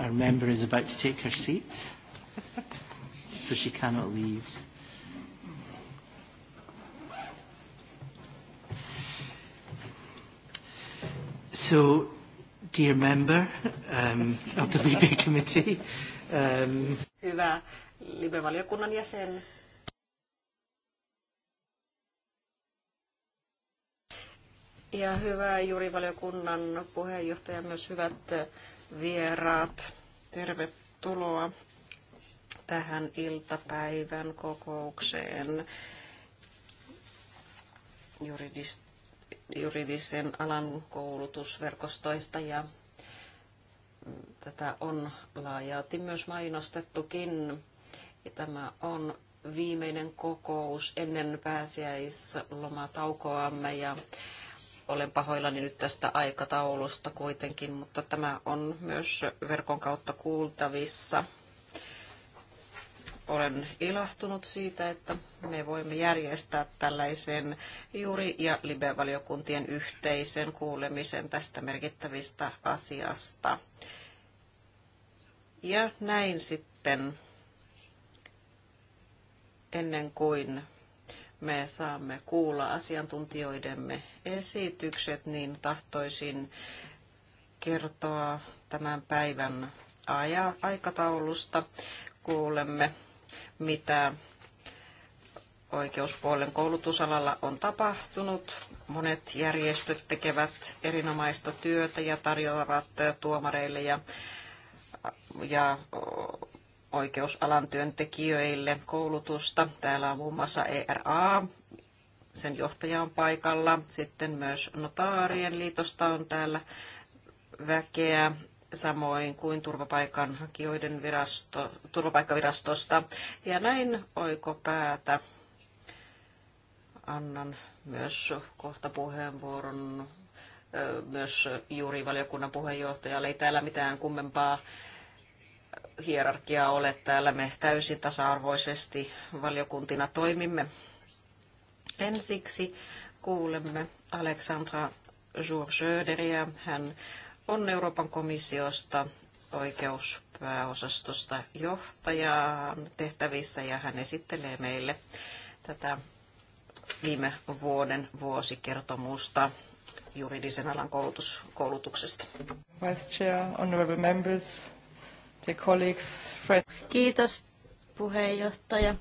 Our member is about to take her seat, so she cannot leave. So, dear member um, of the Libe Committee. Um, Hyvä Libe-valiokunnan jäsen. Ja hyvä jurivaliokunnan puheenjohtaja, myös hyvät vieraat. Tervetuloa tähän iltapäivän kokoukseen juridis- juridisen alan koulutusverkostoista ja tätä on laajalti myös mainostettukin. Ja tämä on viimeinen kokous ennen pääsiäislomataukoamme ja olen pahoillani nyt tästä aikataulusta kuitenkin, mutta tämä on myös verkon kautta kuultavissa. Olen ilahtunut siitä, että me voimme järjestää tällaisen juuri- ja live-valiokuntien yhteisen kuulemisen tästä merkittävistä asiasta. Ja näin sitten ennen kuin me saamme kuulla asiantuntijoidemme esitykset, niin tahtoisin kertoa tämän päivän aja- aikataulusta. Kuulemme, mitä oikeuspuolen koulutusalalla on tapahtunut. Monet järjestöt tekevät erinomaista työtä ja tarjoavat tuomareille ja, ja oikeusalan työntekijöille koulutusta. Täällä on muun muassa ERA, sen johtaja on paikalla. Sitten myös notaarien liitosta on täällä väkeä, samoin kuin turvapaikanhakijoiden virasto, turvapaikkavirastosta. Ja näin oikopäätä annan myös kohta puheenvuoron myös juurivaliokunnan puheenjohtajalle. Ei täällä mitään kummempaa hierarkiaa ole. Täällä me täysin tasa-arvoisesti valiokuntina toimimme. Ensiksi kuulemme Aleksandra Jourgeöderiä. Hän on Euroopan komissiosta oikeuspääosastosta johtajan tehtävissä ja hän esittelee meille tätä viime vuoden vuosikertomusta juridisen alan koulutus, koulutuksesta. Vice Chair, honorable members, Kiitos puheenjohtaja.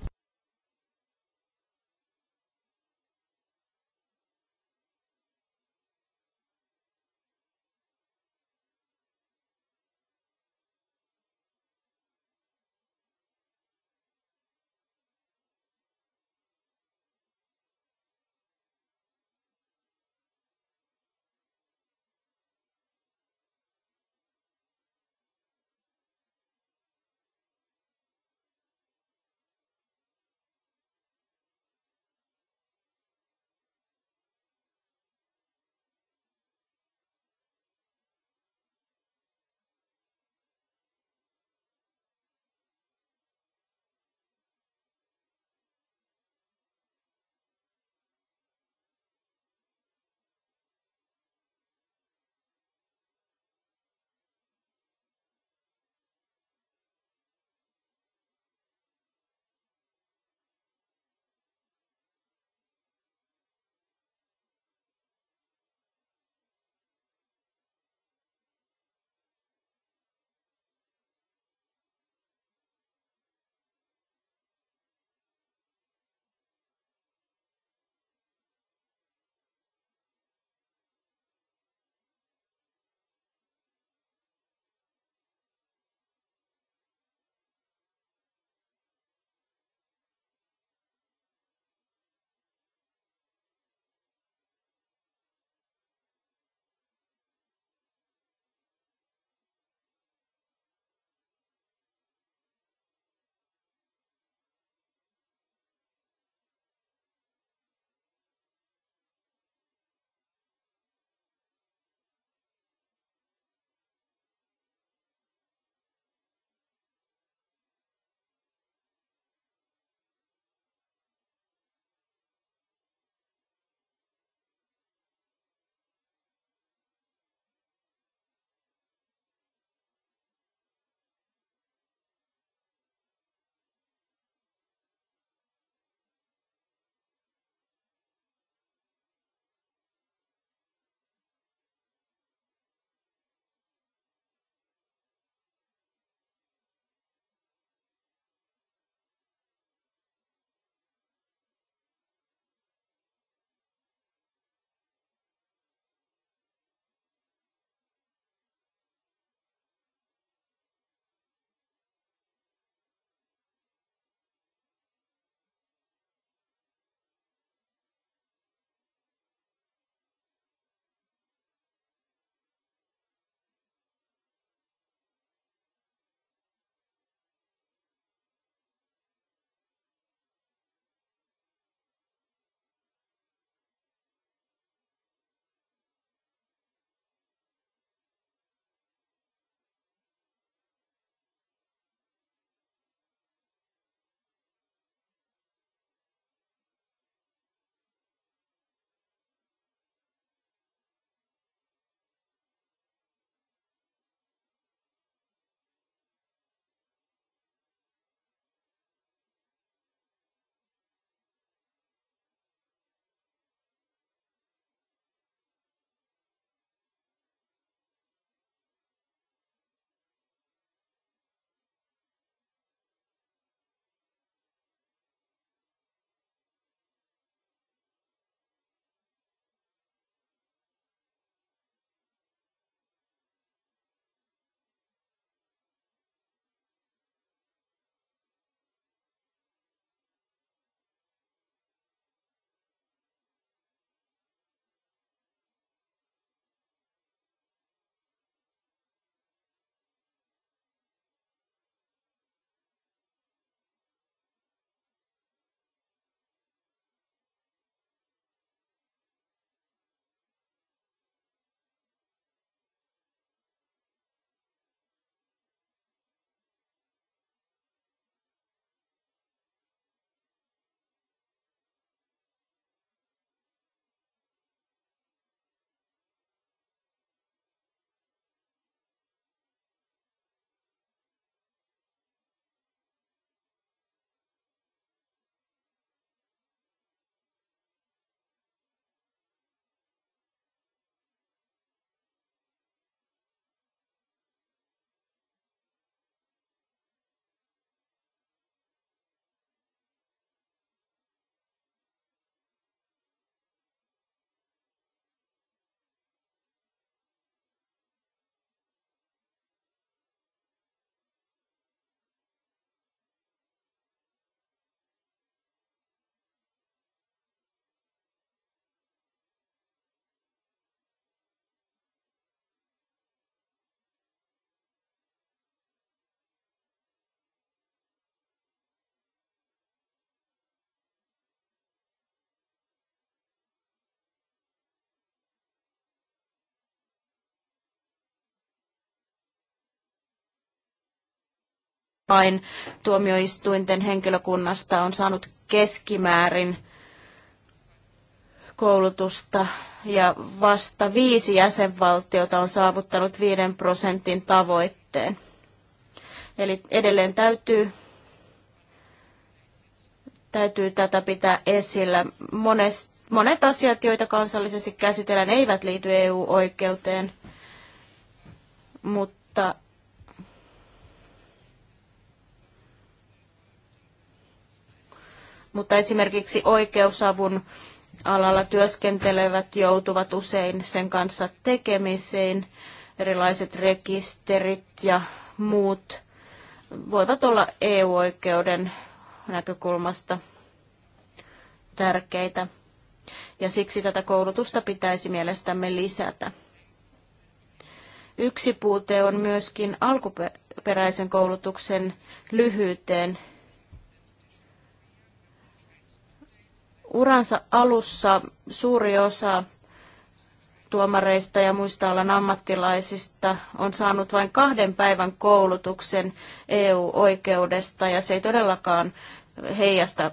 vain tuomioistuinten henkilökunnasta on saanut keskimäärin koulutusta ja vasta viisi jäsenvaltiota on saavuttanut viiden prosentin tavoitteen. Eli edelleen täytyy, täytyy tätä pitää esillä. Mones, monet asiat, joita kansallisesti käsitellään, eivät liity EU-oikeuteen, mutta mutta esimerkiksi oikeusavun alalla työskentelevät joutuvat usein sen kanssa tekemiseen Erilaiset rekisterit ja muut voivat olla EU-oikeuden näkökulmasta tärkeitä. Ja siksi tätä koulutusta pitäisi mielestämme lisätä. Yksi puute on myöskin alkuperäisen koulutuksen lyhyyteen Uransa alussa suuri osa tuomareista ja muista alan ammattilaisista on saanut vain kahden päivän koulutuksen EU-oikeudesta, ja se ei todellakaan heijasta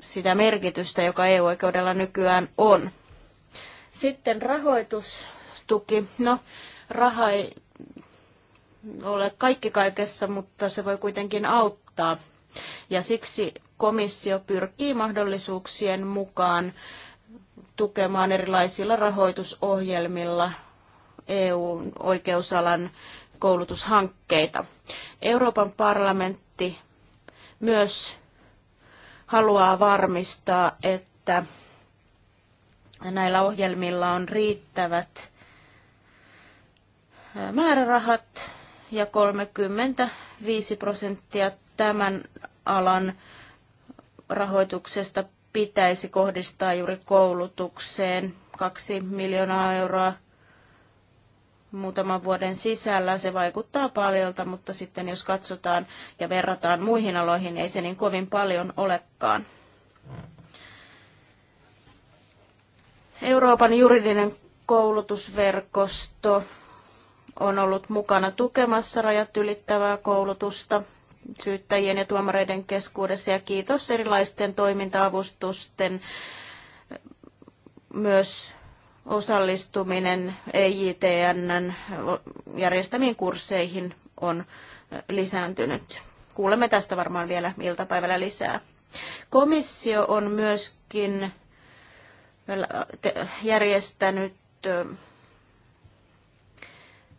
sitä merkitystä, joka EU-oikeudella nykyään on. Sitten rahoitustuki. No, raha ei ole kaikki kaikessa, mutta se voi kuitenkin auttaa ja siksi komissio pyrkii mahdollisuuksien mukaan tukemaan erilaisilla rahoitusohjelmilla EU-oikeusalan koulutushankkeita. Euroopan parlamentti myös haluaa varmistaa, että näillä ohjelmilla on riittävät määrärahat ja 35 prosenttia tämän alan rahoituksesta pitäisi kohdistaa juuri koulutukseen. Kaksi miljoonaa euroa muutaman vuoden sisällä. Se vaikuttaa paljolta, mutta sitten jos katsotaan ja verrataan muihin aloihin, ei se niin kovin paljon olekaan. Euroopan juridinen koulutusverkosto on ollut mukana tukemassa rajat ylittävää koulutusta – syyttäjien ja tuomareiden keskuudessa ja kiitos erilaisten toimintaavustusten myös osallistuminen EJTNn järjestämiin kursseihin on lisääntynyt. Kuulemme tästä varmaan vielä iltapäivällä lisää. Komissio on myöskin järjestänyt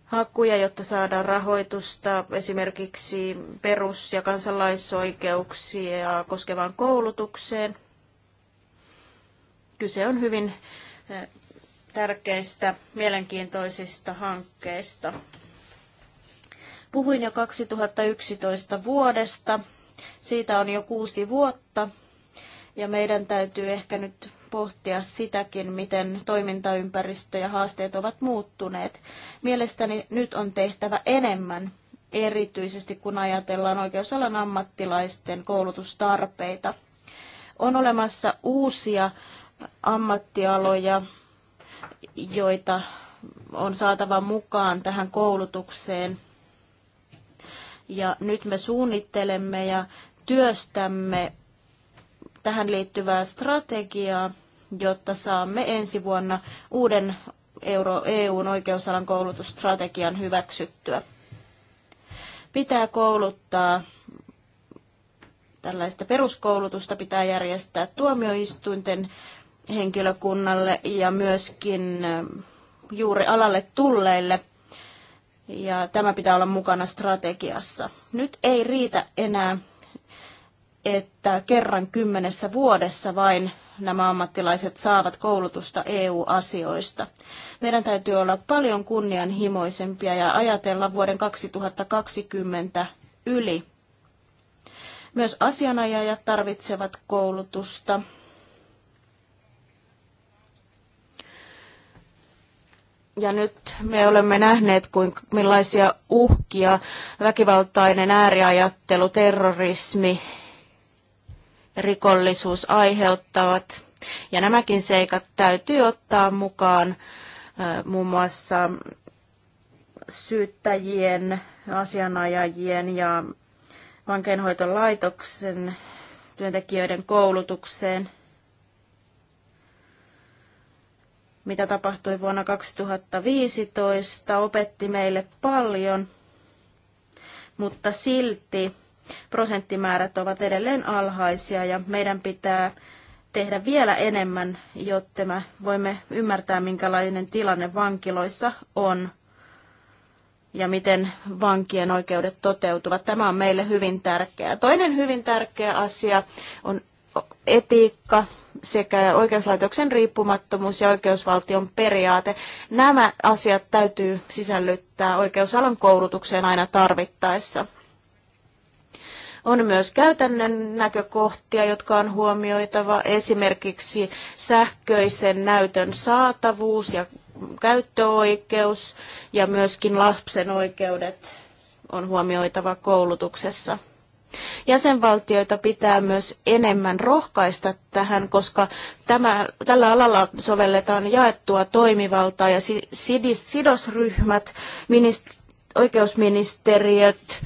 hakuja, jotta saadaan rahoitusta esimerkiksi perus- ja kansalaisoikeuksia koskevaan koulutukseen. Kyse on hyvin eh, tärkeistä, mielenkiintoisista hankkeista. Puhuin jo 2011 vuodesta. Siitä on jo kuusi vuotta. Ja meidän täytyy ehkä nyt pohtia sitäkin, miten toimintaympäristö ja haasteet ovat muuttuneet. Mielestäni nyt on tehtävä enemmän, erityisesti kun ajatellaan oikeusalan ammattilaisten koulutustarpeita. On olemassa uusia ammattialoja, joita on saatava mukaan tähän koulutukseen. Ja nyt me suunnittelemme ja työstämme tähän liittyvää strategiaa, jotta saamme ensi vuonna uuden Euro, EUn oikeusalan koulutusstrategian hyväksyttyä. Pitää kouluttaa tällaista peruskoulutusta pitää järjestää tuomioistuinten henkilökunnalle ja myöskin juuri alalle tulleille. Ja tämä pitää olla mukana strategiassa. Nyt ei riitä enää että kerran kymmenessä vuodessa vain nämä ammattilaiset saavat koulutusta EU-asioista. Meidän täytyy olla paljon kunnianhimoisempia ja ajatella vuoden 2020 yli. Myös asianajajat tarvitsevat koulutusta. Ja nyt me olemme nähneet, kuinka, millaisia uhkia väkivaltainen ääriajattelu, terrorismi rikollisuus aiheuttavat. Ja nämäkin seikat täytyy ottaa mukaan muun mm. muassa syyttäjien, asianajajien ja vankeinhoitolaitoksen työntekijöiden koulutukseen. Mitä tapahtui vuonna 2015, opetti meille paljon, mutta silti prosenttimäärät ovat edelleen alhaisia ja meidän pitää tehdä vielä enemmän, jotta me voimme ymmärtää, minkälainen tilanne vankiloissa on ja miten vankien oikeudet toteutuvat. Tämä on meille hyvin tärkeää. Toinen hyvin tärkeä asia on etiikka sekä oikeuslaitoksen riippumattomuus ja oikeusvaltion periaate. Nämä asiat täytyy sisällyttää oikeusalan koulutukseen aina tarvittaessa. On myös käytännön näkökohtia, jotka on huomioitava, esimerkiksi sähköisen näytön saatavuus ja käyttöoikeus ja myöskin lapsen oikeudet on huomioitava koulutuksessa. Jäsenvaltioita pitää myös enemmän rohkaista tähän, koska tämä, tällä alalla sovelletaan jaettua toimivaltaa ja sidosryhmät, minist, oikeusministeriöt,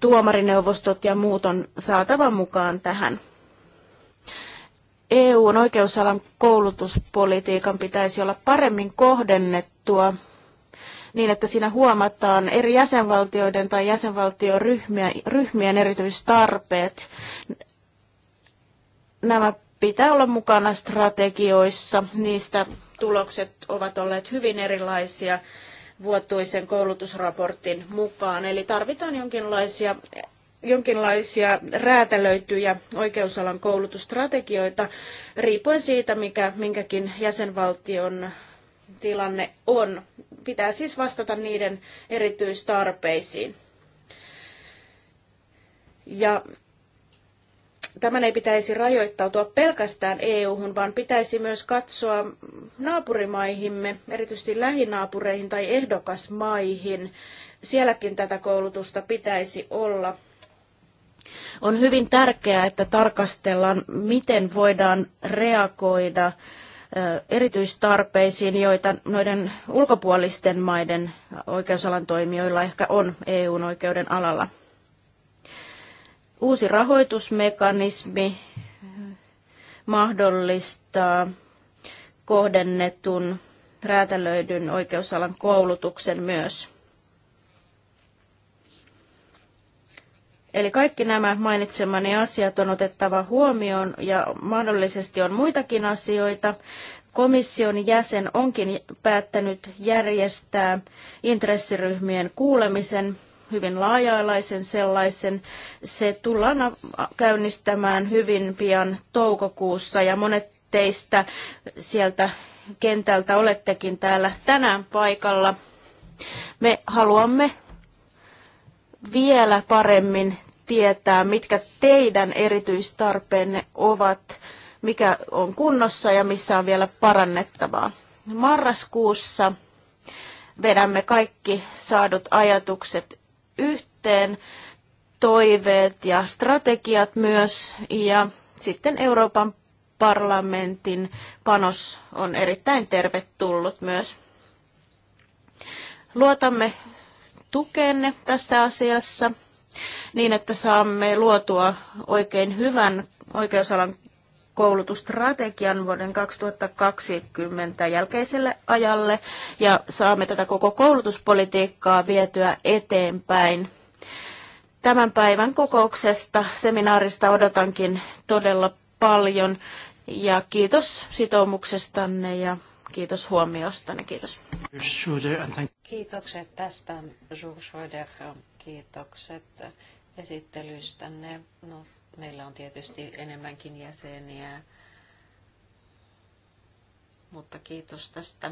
tuomarineuvostot ja muut on saatava mukaan tähän. EUn oikeusalan koulutuspolitiikan pitäisi olla paremmin kohdennettua niin, että siinä huomataan eri jäsenvaltioiden tai jäsenvaltioryhmien erityistarpeet. Nämä pitää olla mukana strategioissa. Niistä tulokset ovat olleet hyvin erilaisia vuotuisen koulutusraportin mukaan. Eli tarvitaan jonkinlaisia jonkinlaisia räätälöityjä oikeusalan koulutusstrategioita riippuen siitä, mikä minkäkin jäsenvaltion tilanne on. Pitää siis vastata niiden erityistarpeisiin. Ja tämän ei pitäisi rajoittautua pelkästään EU-hun, vaan pitäisi myös katsoa naapurimaihimme, erityisesti lähinaapureihin tai ehdokasmaihin. Sielläkin tätä koulutusta pitäisi olla. On hyvin tärkeää, että tarkastellaan, miten voidaan reagoida erityistarpeisiin, joita noiden ulkopuolisten maiden oikeusalan toimijoilla ehkä on EU-oikeuden alalla. Uusi rahoitusmekanismi mahdollistaa kohdennetun räätälöidyn oikeusalan koulutuksen myös. Eli kaikki nämä mainitsemani asiat on otettava huomioon ja mahdollisesti on muitakin asioita. Komission jäsen onkin päättänyt järjestää intressiryhmien kuulemisen hyvin laaja-alaisen sellaisen. Se tullaan käynnistämään hyvin pian toukokuussa ja monet teistä sieltä kentältä olettekin täällä tänään paikalla. Me haluamme vielä paremmin tietää, mitkä teidän erityistarpeenne ovat, mikä on kunnossa ja missä on vielä parannettavaa. Marraskuussa vedämme kaikki saadut ajatukset yhteen toiveet ja strategiat myös, ja sitten Euroopan parlamentin panos on erittäin tervetullut myös. Luotamme tukeenne tässä asiassa niin, että saamme luotua oikein hyvän oikeusalan koulutusstrategian vuoden 2020 jälkeiselle ajalle ja saamme tätä koko koulutuspolitiikkaa vietyä eteenpäin. Tämän päivän kokouksesta, seminaarista odotankin todella paljon ja kiitos sitoumuksestanne ja kiitos huomiostanne. Kiitos. Kiitokset tästä, Jules Schröder. Kiitokset esittelystänne. No, Meillä on tietysti enemmänkin jäseniä, mutta kiitos tästä.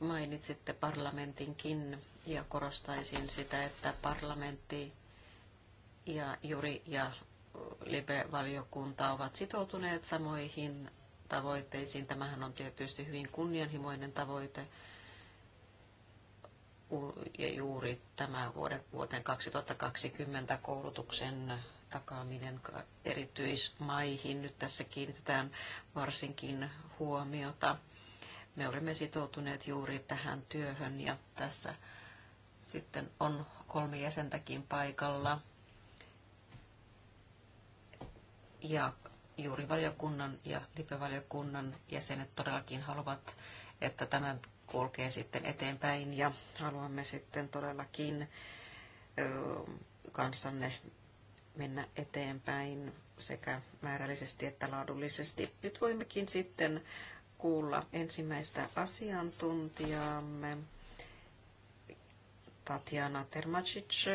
Mainitsitte parlamentinkin ja korostaisin sitä, että parlamentti ja Juri ja Libe-valiokunta ovat sitoutuneet samoihin tavoitteisiin. Tämähän on tietysti hyvin kunnianhimoinen tavoite ja juuri tämä vuoden, vuoteen 2020 koulutuksen takaaminen erityismaihin. Nyt tässä kiinnitetään varsinkin huomiota. Me olemme sitoutuneet juuri tähän työhön ja tässä sitten on kolme jäsentäkin paikalla. Ja juuri valiokunnan ja lipevaliokunnan jäsenet todellakin haluavat, että tämä kulkee sitten eteenpäin ja haluamme sitten todellakin kanssanne mennä eteenpäin sekä määrällisesti että laadullisesti. Nyt voimmekin sitten kuulla ensimmäistä asiantuntijaamme. Tatjana Termacic,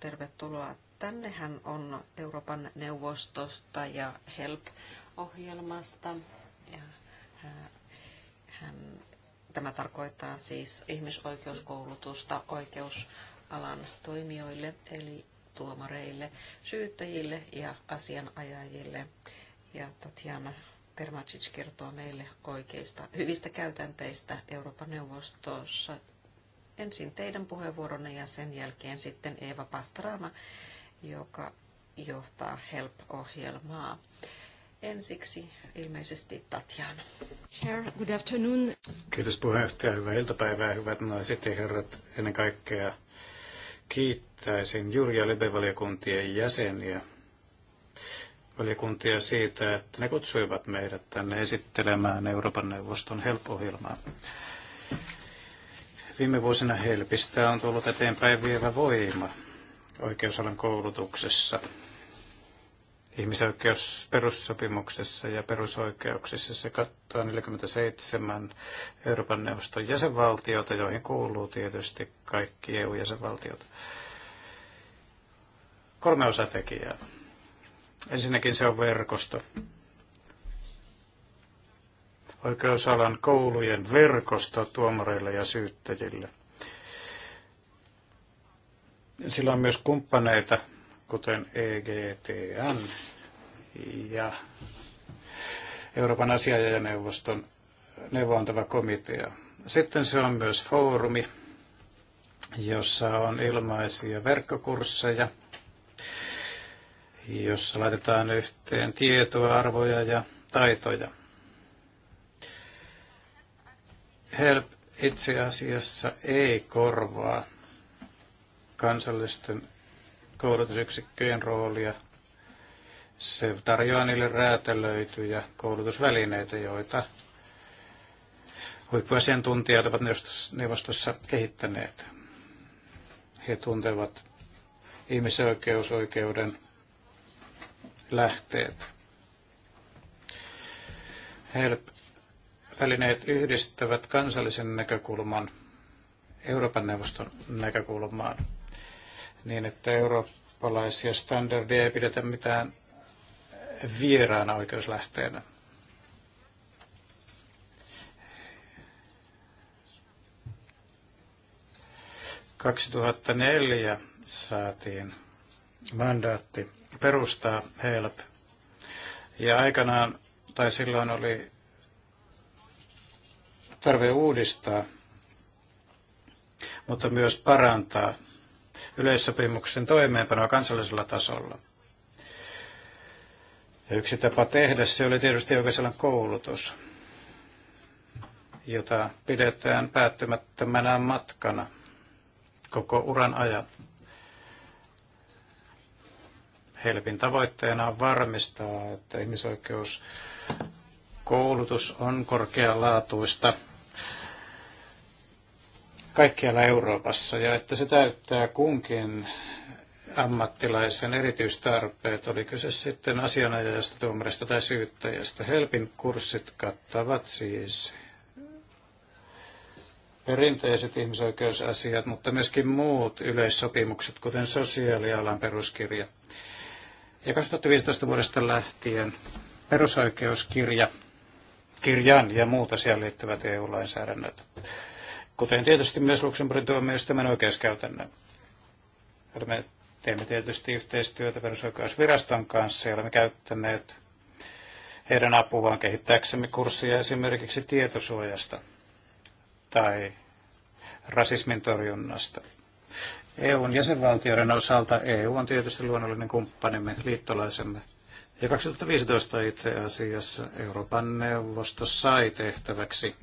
tervetuloa tänne. Hän on Euroopan neuvostosta ja HELP-ohjelmasta. Ja hän, tämä tarkoittaa siis ihmisoikeuskoulutusta oikeusalan toimijoille, eli tuomareille, syyttäjille ja asianajajille. Ja Tatjana Termacic kertoo meille oikeista hyvistä käytänteistä Euroopan neuvostossa. Ensin teidän puheenvuoronne ja sen jälkeen sitten Eeva Pastrama, joka johtaa HELP-ohjelmaa. Ensiksi ilmeisesti Tatjana. Chair, good afternoon. Kiitos puheenjohtaja. Hyvää iltapäivää, hyvät naiset ja herrat. Ennen kaikkea kiittäisin Juri- ja Lebe-valiokuntien jäseniä valiokuntia siitä, että ne kutsuivat meidät tänne esittelemään Euroopan neuvoston HELP-ohjelmaa. Viime vuosina HELPistä on tullut eteenpäin vievä voima oikeusalan koulutuksessa ihmisoikeusperussopimuksessa ja perusoikeuksissa. Se kattaa 47 Euroopan neuvoston jäsenvaltiota, joihin kuuluu tietysti kaikki EU-jäsenvaltiot. Kolme osatekijää. Ensinnäkin se on verkosto. Oikeusalan koulujen verkosto tuomareille ja syyttäjille. Sillä on myös kumppaneita kuten EGTN ja Euroopan asiajajaneuvoston neuvontava komitea. Sitten se on myös foorumi, jossa on ilmaisia verkkokursseja, jossa laitetaan yhteen tietoa, arvoja ja taitoja. HELP itse asiassa ei korvaa kansallisten koulutusyksikköjen roolia. Se tarjoaa niille räätälöityjä koulutusvälineitä, joita huippuasiantuntijat ovat neuvostossa kehittäneet. He tuntevat ihmisoikeusoikeuden lähteet. HELP-välineet yhdistävät kansallisen näkökulman Euroopan neuvoston näkökulmaan niin että eurooppalaisia standardeja ei pidetä mitään vieraana oikeuslähteenä. ...2004 saatiin mandaatti perustaa HELP. Ja aikanaan, tai silloin oli tarve uudistaa, mutta myös parantaa yleissopimuksen toimeenpanoa kansallisella tasolla. Ja yksi tapa tehdä se oli tietysti oikeusalan koulutus, jota pidetään päättymättömänä matkana koko uran ajan. Helpin tavoitteena on varmistaa, että ihmisoikeuskoulutus on korkealaatuista kaikkialla Euroopassa ja että se täyttää kunkin ammattilaisen erityistarpeet, oli kyse sitten asianajajasta, tuomarista tai syyttäjästä. Helpin kurssit kattavat siis perinteiset ihmisoikeusasiat, mutta myöskin muut yleissopimukset, kuten sosiaalialan peruskirja. Ja 2015 vuodesta lähtien perusoikeuskirja, kirjan ja muut asiaan liittyvät EU-lainsäädännöt kuten tietysti myös Luxemburgin tuomioistuimen oikeuskäytännön. Me teemme tietysti yhteistyötä perusoikeusviraston kanssa ja olemme käyttäneet heidän apuaan kehittääksemme kursseja esimerkiksi tietosuojasta tai rasismin torjunnasta. EUn jäsenvaltioiden osalta EU on tietysti luonnollinen kumppanimme, liittolaisemme. Ja 2015 itse asiassa Euroopan neuvosto sai tehtäväksi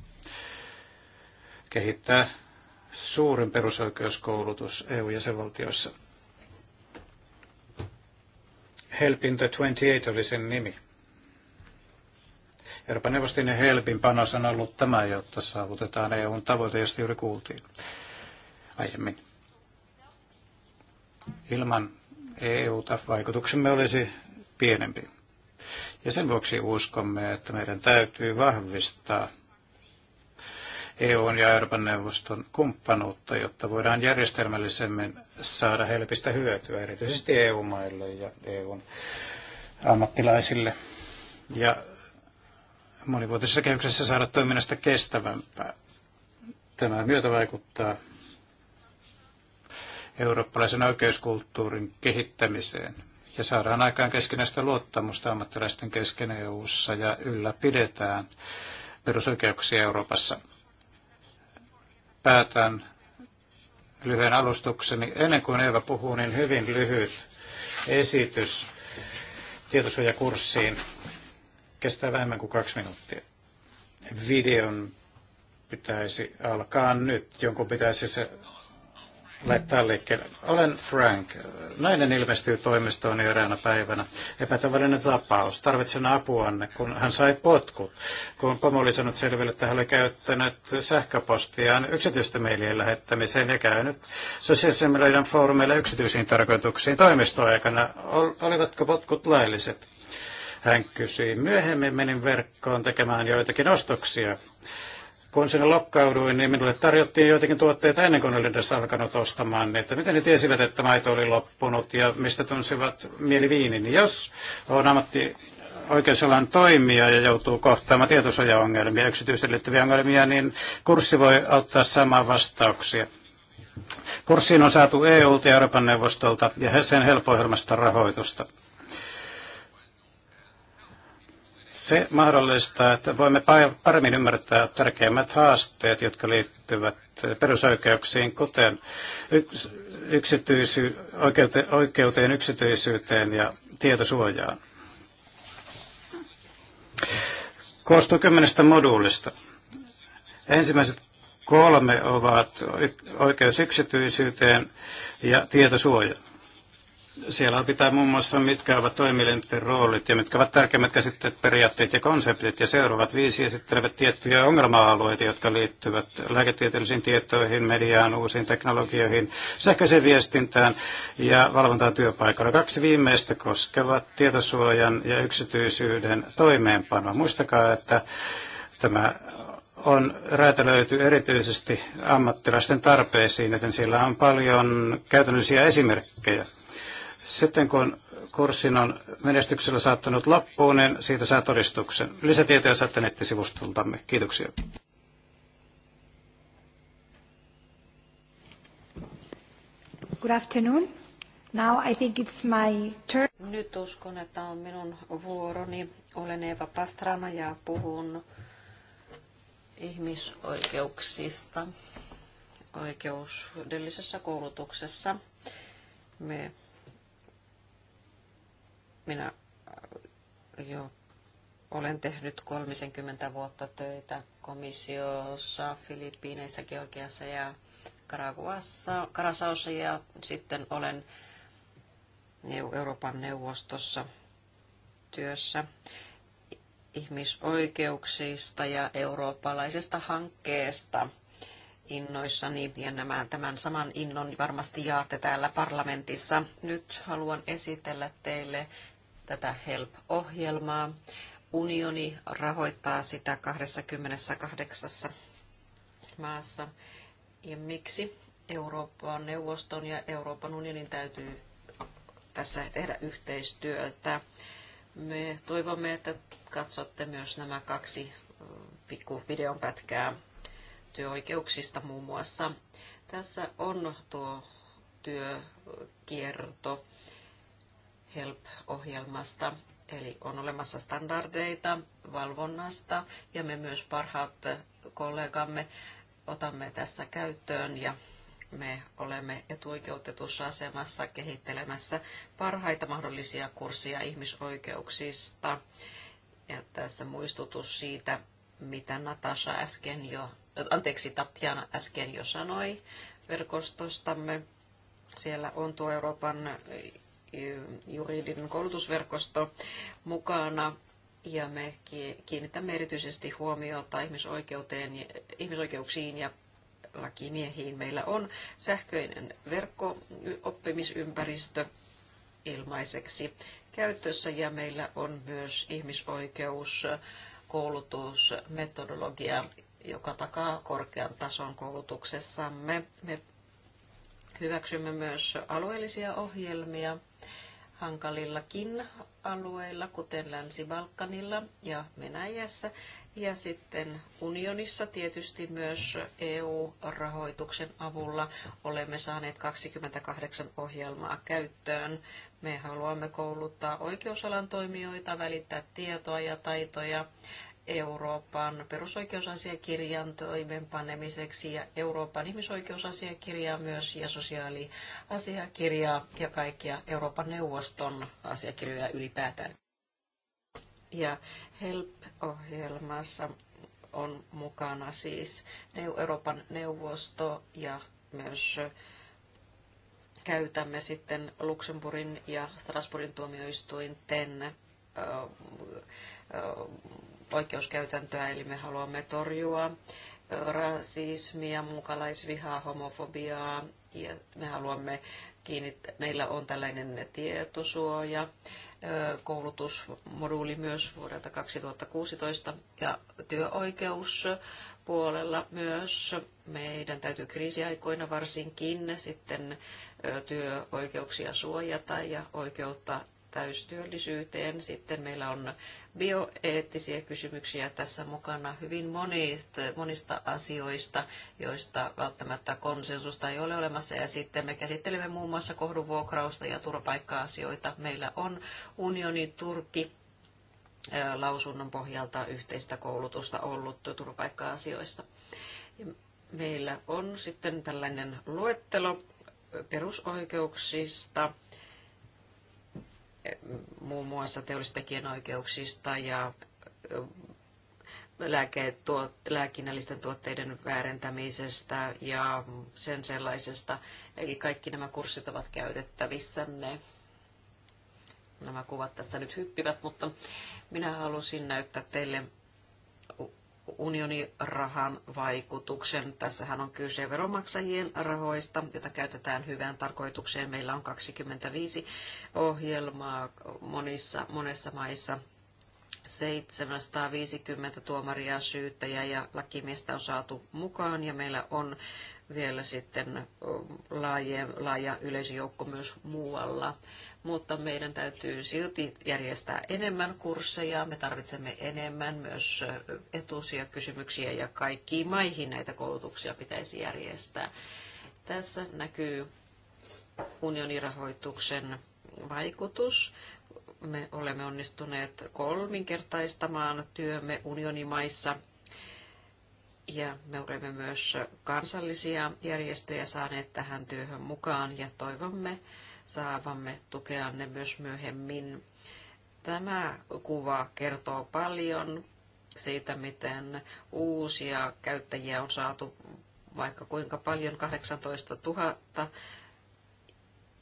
kehittää suurin perusoikeuskoulutus EU-jäsenvaltioissa. Helpin the 28 oli sen nimi. Euroopan neuvoston ja Helpin panos on ollut tämä, jotta saavutetaan EUn tavoite, josta juuri kuultiin aiemmin. Ilman EUta vaikutuksemme olisi pienempi. Ja sen vuoksi uskomme, että meidän täytyy vahvistaa – EUn ja Euroopan neuvoston kumppanuutta, jotta voidaan järjestelmällisemmin saada helpistä hyötyä, erityisesti EU-maille ja EUn ammattilaisille. Ja monivuotisessa kehyksessä saada toiminnasta kestävämpää. Tämä myötä vaikuttaa eurooppalaisen oikeuskulttuurin kehittämiseen ja saadaan aikaan keskinäistä luottamusta ammattilaisten kesken EU-ssa ja ylläpidetään perusoikeuksia Euroopassa päätän lyhyen alustukseni. Ennen kuin Eeva puhuu, niin hyvin lyhyt esitys tietosuojakurssiin. Kestää vähemmän kuin kaksi minuuttia. Videon pitäisi alkaa nyt. Jonkun pitäisi se laittaa liikkeelle. Olen Frank. Nainen ilmestyy toimistoon eräänä päivänä. Epätavallinen tapaus. Tarvitsen apuanne, kun hän sai potkut. Kun pomo oli sanonut selville, että hän oli käyttänyt sähköpostiaan yksityistä mailien lähettämiseen ja käynyt sosiaalisen median foorumeilla yksityisiin tarkoituksiin toimistoaikana. Olivatko potkut lailliset? Hän kysyi. Myöhemmin menin verkkoon tekemään joitakin ostoksia kun sinne lokkauduin, niin minulle tarjottiin joitakin tuotteita ennen kuin olin edes alkanut ostamaan niitä. Miten ne tiesivät, että maito oli loppunut ja mistä tunsivat mieliviinin? Niin jos on ammatti oikeusalan toimija ja joutuu kohtaamaan tietosuojaongelmia, yksityiseen liittyviä ongelmia, niin kurssi voi auttaa samaa vastauksia. Kurssiin on saatu EU- ja Euroopan neuvostolta ja sen helpoilmasta rahoitusta. Se mahdollistaa, että voimme paremmin ymmärtää tärkeimmät haasteet, jotka liittyvät perusoikeuksiin, kuten yksityisy- oikeuteen, yksityisyyteen ja tietosuojaan. Koostuu kymmenestä moduulista. Ensimmäiset kolme ovat oikeus yksityisyyteen ja tietosuojaan siellä pitää muun muassa, mitkä ovat toimielinten roolit ja mitkä ovat tärkeimmät käsitteet, periaatteet ja konseptit. Ja seuraavat viisi esittelevät tiettyjä ongelma-alueita, jotka liittyvät lääketieteellisiin tietoihin, mediaan, uusiin teknologioihin, sähköiseen viestintään ja valvontaan työpaikalla. Kaksi viimeistä koskevat tietosuojan ja yksityisyyden toimeenpanoa. Muistakaa, että tämä on räätälöity erityisesti ammattilaisten tarpeisiin, joten siellä on paljon käytännöllisiä esimerkkejä sitten kun kurssin on menestyksellä saattanut loppuun, niin siitä saa todistuksen. Lisätietoja saatte nettisivustoltamme. Kiitoksia. Good afternoon. Now I think it's my turn. Nyt uskon, että on minun vuoroni. Olen Eva Pastrana ja puhun ihmisoikeuksista oikeudellisessa koulutuksessa. Me minä äh, jo olen tehnyt 30 vuotta töitä komissiossa, Filippiineissä, Georgiassa ja Karaguassa, Karasaussa ja sitten olen Euroopan neuvostossa työssä ihmisoikeuksista ja eurooppalaisesta hankkeesta innoissani ja nämä, tämän saman innon varmasti jaatte täällä parlamentissa. Nyt haluan esitellä teille tätä HELP-ohjelmaa. Unioni rahoittaa sitä 28 maassa. Ja miksi Euroopan neuvoston ja Euroopan unionin täytyy tässä tehdä yhteistyötä? Me toivomme, että katsotte myös nämä kaksi pikku videonpätkää työoikeuksista muun muassa. Tässä on tuo työkierto HELP-ohjelmasta. Eli on olemassa standardeita valvonnasta ja me myös parhaat kollegamme otamme tässä käyttöön ja me olemme etuoikeutetussa asemassa kehittelemässä parhaita mahdollisia kursseja ihmisoikeuksista. Ja tässä muistutus siitä, mitä Natasha äsken jo, anteeksi Tatjana äsken jo sanoi verkostostamme. Siellä on tuo Euroopan Eh, juridinen koulutusverkosto mukana ja me kiinnitämme erityisesti huomiota ihmisoikeuteen, ihmisoikeuksiin ja lakimiehiin. Meillä on sähköinen verkkooppimisympäristö oppimisympäristö ilmaiseksi käytössä ja meillä on myös ihmisoikeuskoulutusmetodologia, joka takaa korkean tason koulutuksessamme. Me hyväksymme myös alueellisia ohjelmia hankalillakin alueilla, kuten Länsi-Balkanilla ja Venäjässä. Ja sitten unionissa tietysti myös EU-rahoituksen avulla olemme saaneet 28 ohjelmaa käyttöön. Me haluamme kouluttaa oikeusalan toimijoita, välittää tietoa ja taitoja Euroopan perusoikeusasiakirjan toimenpanemiseksi ja Euroopan ihmisoikeusasiakirjaa myös ja sosiaaliasiakirjaa ja kaikkia Euroopan neuvoston asiakirjoja ylipäätään. Ja HELP-ohjelmassa on mukana siis Euroopan neuvosto ja myös käytämme sitten Luxemburgin ja Strasbourgin tuomioistuinten oikeuskäytäntöä, eli me haluamme torjua rasismia, mukalaisvihaa, homofobiaa ja me haluamme kiinnittää, meillä on tällainen tietosuoja, koulutusmoduuli myös vuodelta 2016 ja työoikeus puolella myös meidän täytyy kriisiaikoina varsinkin sitten työoikeuksia suojata ja oikeutta täystyöllisyyteen. Sitten meillä on bioeettisiä kysymyksiä tässä mukana hyvin monit, monista asioista, joista välttämättä konsensusta ei ole olemassa. Ja sitten me käsittelemme muun muassa kohdunvuokrausta ja turvapaikka-asioita. Meillä on unionin Turkki lausunnon pohjalta yhteistä koulutusta ollut turvapaikka-asioista. Meillä on sitten tällainen luettelo perusoikeuksista muun muassa teollistekijän oikeuksista ja lääkinnällisten tuotteiden väärentämisestä ja sen sellaisesta. Eli kaikki nämä kurssit ovat käytettävissänne. Nämä kuvat tässä nyt hyppivät, mutta minä halusin näyttää teille unionirahan vaikutuksen. Tässähän on kyse veronmaksajien rahoista, jota käytetään hyvään tarkoitukseen. Meillä on 25 ohjelmaa monissa, monessa maissa 750 tuomaria, syyttäjää ja lakimiestä on saatu mukaan ja meillä on vielä sitten laaja, laaja yleisöjoukko myös muualla mutta meidän täytyy silti järjestää enemmän kursseja. Me tarvitsemme enemmän myös etuisia kysymyksiä ja kaikkiin maihin näitä koulutuksia pitäisi järjestää. Tässä näkyy unionirahoituksen vaikutus. Me olemme onnistuneet kolminkertaistamaan työmme unionimaissa ja me olemme myös kansallisia järjestöjä saaneet tähän työhön mukaan ja toivomme, saavamme tukeanne myös myöhemmin. Tämä kuva kertoo paljon siitä, miten uusia käyttäjiä on saatu vaikka kuinka paljon, 18 000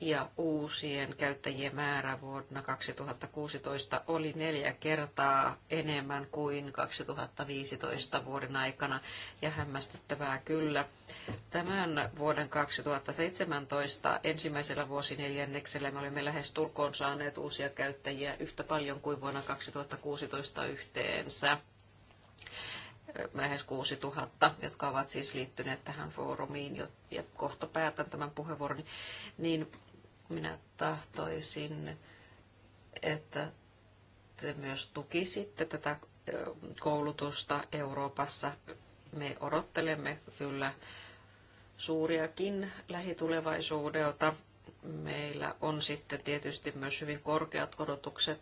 ja uusien käyttäjien määrä vuonna 2016 oli neljä kertaa enemmän kuin 2015 vuoden aikana. Ja hämmästyttävää kyllä. Tämän vuoden 2017 ensimmäisellä vuosineljänneksellä me olimme lähes tulkoon saaneet uusia käyttäjiä yhtä paljon kuin vuonna 2016 yhteensä lähes 6000, jotka ovat siis liittyneet tähän foorumiin, ja kohta päätän tämän puheenvuoroni, niin minä tahtoisin, että te myös tukisitte tätä koulutusta Euroopassa. Me odottelemme kyllä suuriakin lähitulevaisuudelta. Meillä on sitten tietysti myös hyvin korkeat odotukset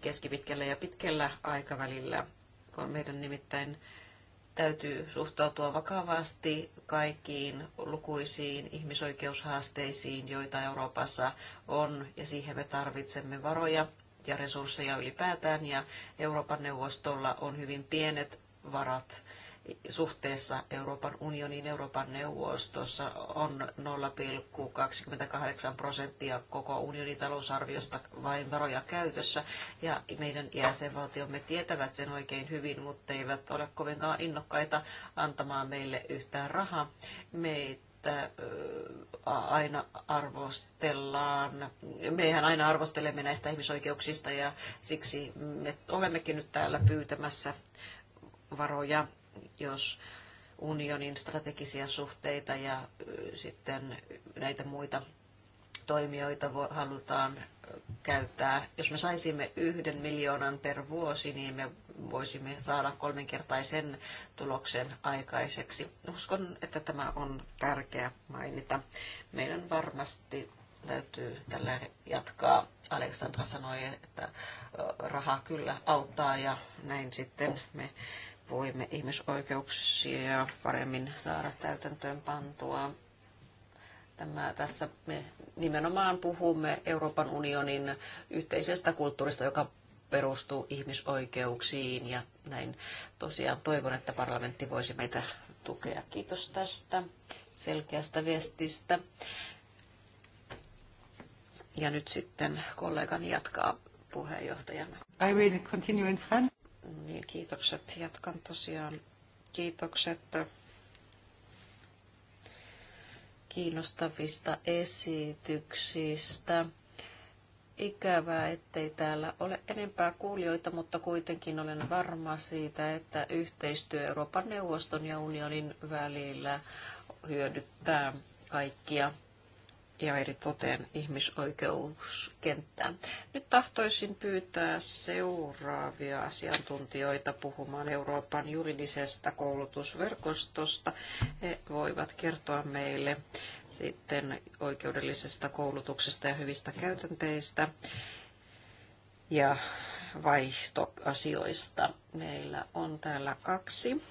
keskipitkällä ja pitkällä aikavälillä, kun meidän nimittäin täytyy suhtautua vakavasti kaikkiin lukuisiin ihmisoikeushaasteisiin, joita Euroopassa on, ja siihen me tarvitsemme varoja ja resursseja ylipäätään, ja Euroopan neuvostolla on hyvin pienet varat suhteessa Euroopan unionin Euroopan neuvostossa on 0,28 prosenttia koko unionin talousarviosta vain varoja käytössä. Ja meidän jäsenvaltiomme tietävät sen oikein hyvin, mutta eivät ole kovinkaan innokkaita antamaan meille yhtään rahaa. Meitä aina arvostellaan, mehän aina arvostelemme näistä ihmisoikeuksista ja siksi me olemmekin nyt täällä pyytämässä varoja jos unionin strategisia suhteita ja sitten näitä muita toimijoita halutaan käyttää. Jos me saisimme yhden miljoonan per vuosi, niin me voisimme saada kolminkertaisen tuloksen aikaiseksi. Uskon, että tämä on tärkeä mainita. Meidän varmasti täytyy tällä jatkaa. Aleksandra sanoi, että raha kyllä auttaa ja näin sitten me voimme ihmisoikeuksia paremmin saada täytäntöön pantua. Tämä, tässä me nimenomaan puhumme Euroopan unionin yhteisestä kulttuurista, joka perustuu ihmisoikeuksiin ja näin tosiaan toivon, että parlamentti voisi meitä tukea. Kiitos tästä selkeästä viestistä. Ja nyt sitten kollegani jatkaa puheenjohtajana. I will continue in French. Niin, kiitokset. Jatkan tosiaan. Kiitokset kiinnostavista esityksistä. Ikävää, ettei täällä ole enempää kuulijoita, mutta kuitenkin olen varma siitä, että yhteistyö Euroopan neuvoston ja unionin välillä hyödyttää kaikkia ja eri toteen ihmisoikeuskenttään. Nyt tahtoisin pyytää seuraavia asiantuntijoita puhumaan Euroopan juridisesta koulutusverkostosta. He voivat kertoa meille sitten oikeudellisesta koulutuksesta ja hyvistä käytänteistä ja vaihtoasioista. Meillä on täällä kaksi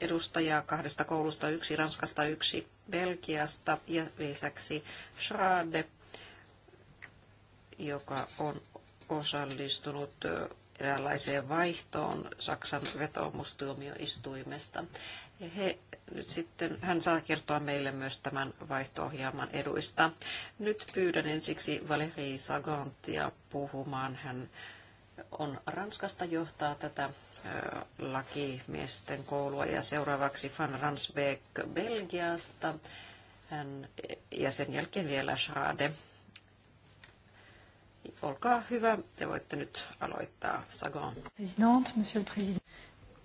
edustajaa kahdesta koulusta, yksi Ranskasta, yksi Belgiasta ja lisäksi Schrade, joka on osallistunut eräänlaiseen vaihtoon Saksan vetoomustuomioistuimesta. Ja he nyt sitten, hän saa kertoa meille myös tämän vaihtoohjelman eduista. Nyt pyydän ensiksi Valérie Sagantia puhumaan. Hän on Ranskasta johtaa tätä lakimiesten koulua ja seuraavaksi Van Ransbeek Belgiasta Hän, ja sen jälkeen vielä Schade. Olkaa hyvä, te voitte nyt aloittaa Sagan.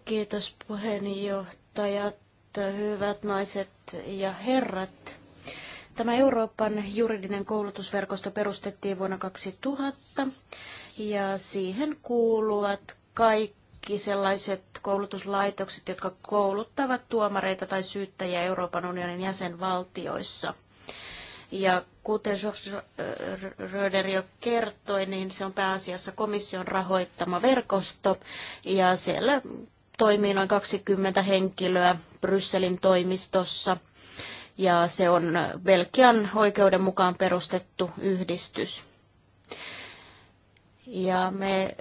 Kiitos puheenjohtajat, hyvät naiset ja herrat. Tämä Euroopan juridinen koulutusverkosto perustettiin vuonna 2000 ja siihen kuuluvat kaikki sellaiset koulutuslaitokset, jotka kouluttavat tuomareita tai syyttäjiä Euroopan unionin jäsenvaltioissa. Ja kuten George Röder jo kertoi, niin se on pääasiassa komission rahoittama verkosto ja siellä toimii noin 20 henkilöä Brysselin toimistossa ja se on Belgian oikeuden mukaan perustettu yhdistys. Ja me äh,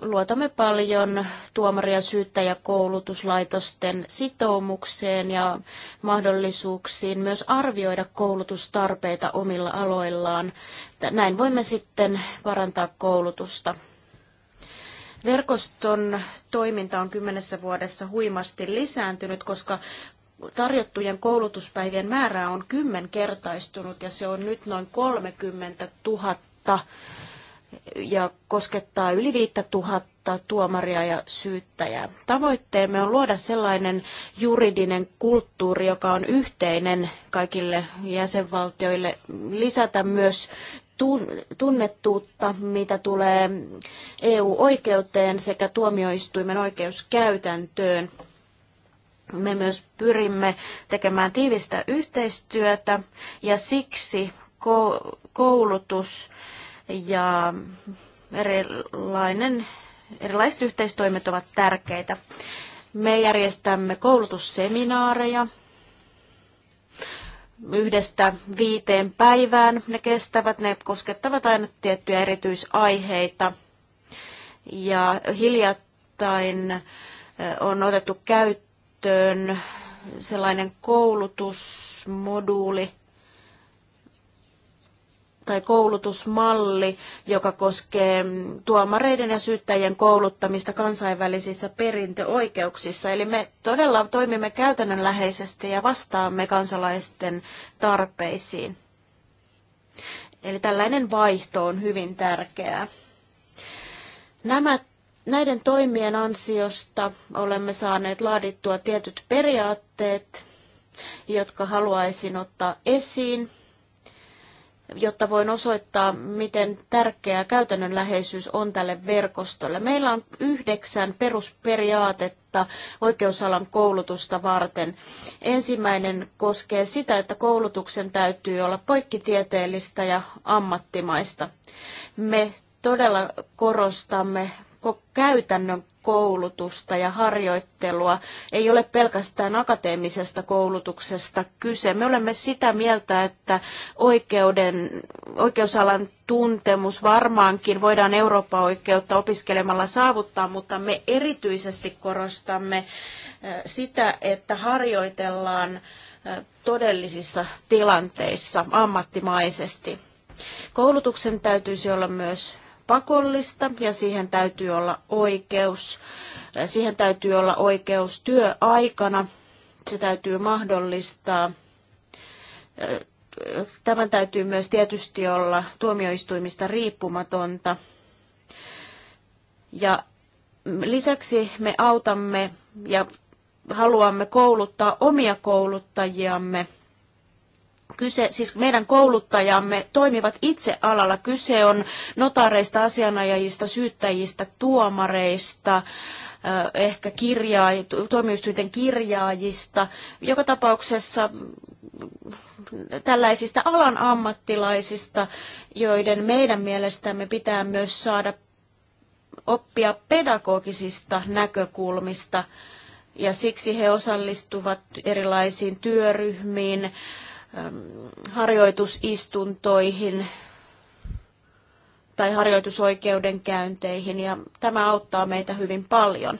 luotamme paljon tuomari- ja syyttäjäkoulutuslaitosten sitoumukseen ja mahdollisuuksiin myös arvioida koulutustarpeita omilla aloillaan. Näin voimme sitten parantaa koulutusta. Verkoston toiminta on kymmenessä vuodessa huimasti lisääntynyt, koska tarjottujen koulutuspäivien määrä on kymmenkertaistunut ja se on nyt noin 30 000 ja koskettaa yli 5000 tuomaria ja syyttäjää. Tavoitteemme on luoda sellainen juridinen kulttuuri, joka on yhteinen kaikille jäsenvaltioille, lisätä myös tunnettuutta, mitä tulee EU-oikeuteen sekä tuomioistuimen oikeuskäytäntöön. Me myös pyrimme tekemään tiivistä yhteistyötä ja siksi koulutus ja erilainen, erilaiset yhteistoimet ovat tärkeitä. Me järjestämme koulutusseminaareja yhdestä viiteen päivään. Ne kestävät, ne koskettavat aina tiettyjä erityisaiheita. Ja hiljattain eh, on otettu käyttöön sellainen koulutusmoduuli, tai koulutusmalli, joka koskee tuomareiden ja syyttäjien kouluttamista kansainvälisissä perintöoikeuksissa. Eli me todella toimimme käytännönläheisesti ja vastaamme kansalaisten tarpeisiin. Eli tällainen vaihto on hyvin tärkeää. Nämä, näiden toimien ansiosta olemme saaneet laadittua tietyt periaatteet, jotka haluaisin ottaa esiin jotta voin osoittaa, miten tärkeää käytännönläheisyys on tälle verkostolle. Meillä on yhdeksän perusperiaatetta oikeusalan koulutusta varten. Ensimmäinen koskee sitä, että koulutuksen täytyy olla poikkitieteellistä ja ammattimaista. Me todella korostamme käytännön koulutusta ja harjoittelua. Ei ole pelkästään akateemisesta koulutuksesta kyse. Me olemme sitä mieltä, että oikeuden, oikeusalan tuntemus varmaankin voidaan Euroopan oikeutta opiskelemalla saavuttaa, mutta me erityisesti korostamme eh, sitä, että harjoitellaan eh, todellisissa tilanteissa ammattimaisesti. Koulutuksen täytyisi olla myös pakollista ja siihen täytyy olla oikeus. Äh, siihen täytyy olla oikeus työaikana. Se täytyy mahdollistaa. Äh, tämän täytyy myös tietysti olla tuomioistuimista riippumatonta. Ja lisäksi me autamme ja haluamme kouluttaa omia kouluttajiamme – Kyse, siis meidän kouluttajamme toimivat itse alalla. Kyse on notaareista, asianajajista, syyttäjistä, tuomareista, ehkä kirjaa, toimijustyiden kirjaajista. Joka tapauksessa tällaisista alan ammattilaisista, joiden meidän mielestämme pitää myös saada oppia pedagogisista näkökulmista. Ja siksi he osallistuvat erilaisiin työryhmiin, harjoitusistuntoihin tai harjoitusoikeudenkäynteihin ja tämä auttaa meitä hyvin paljon.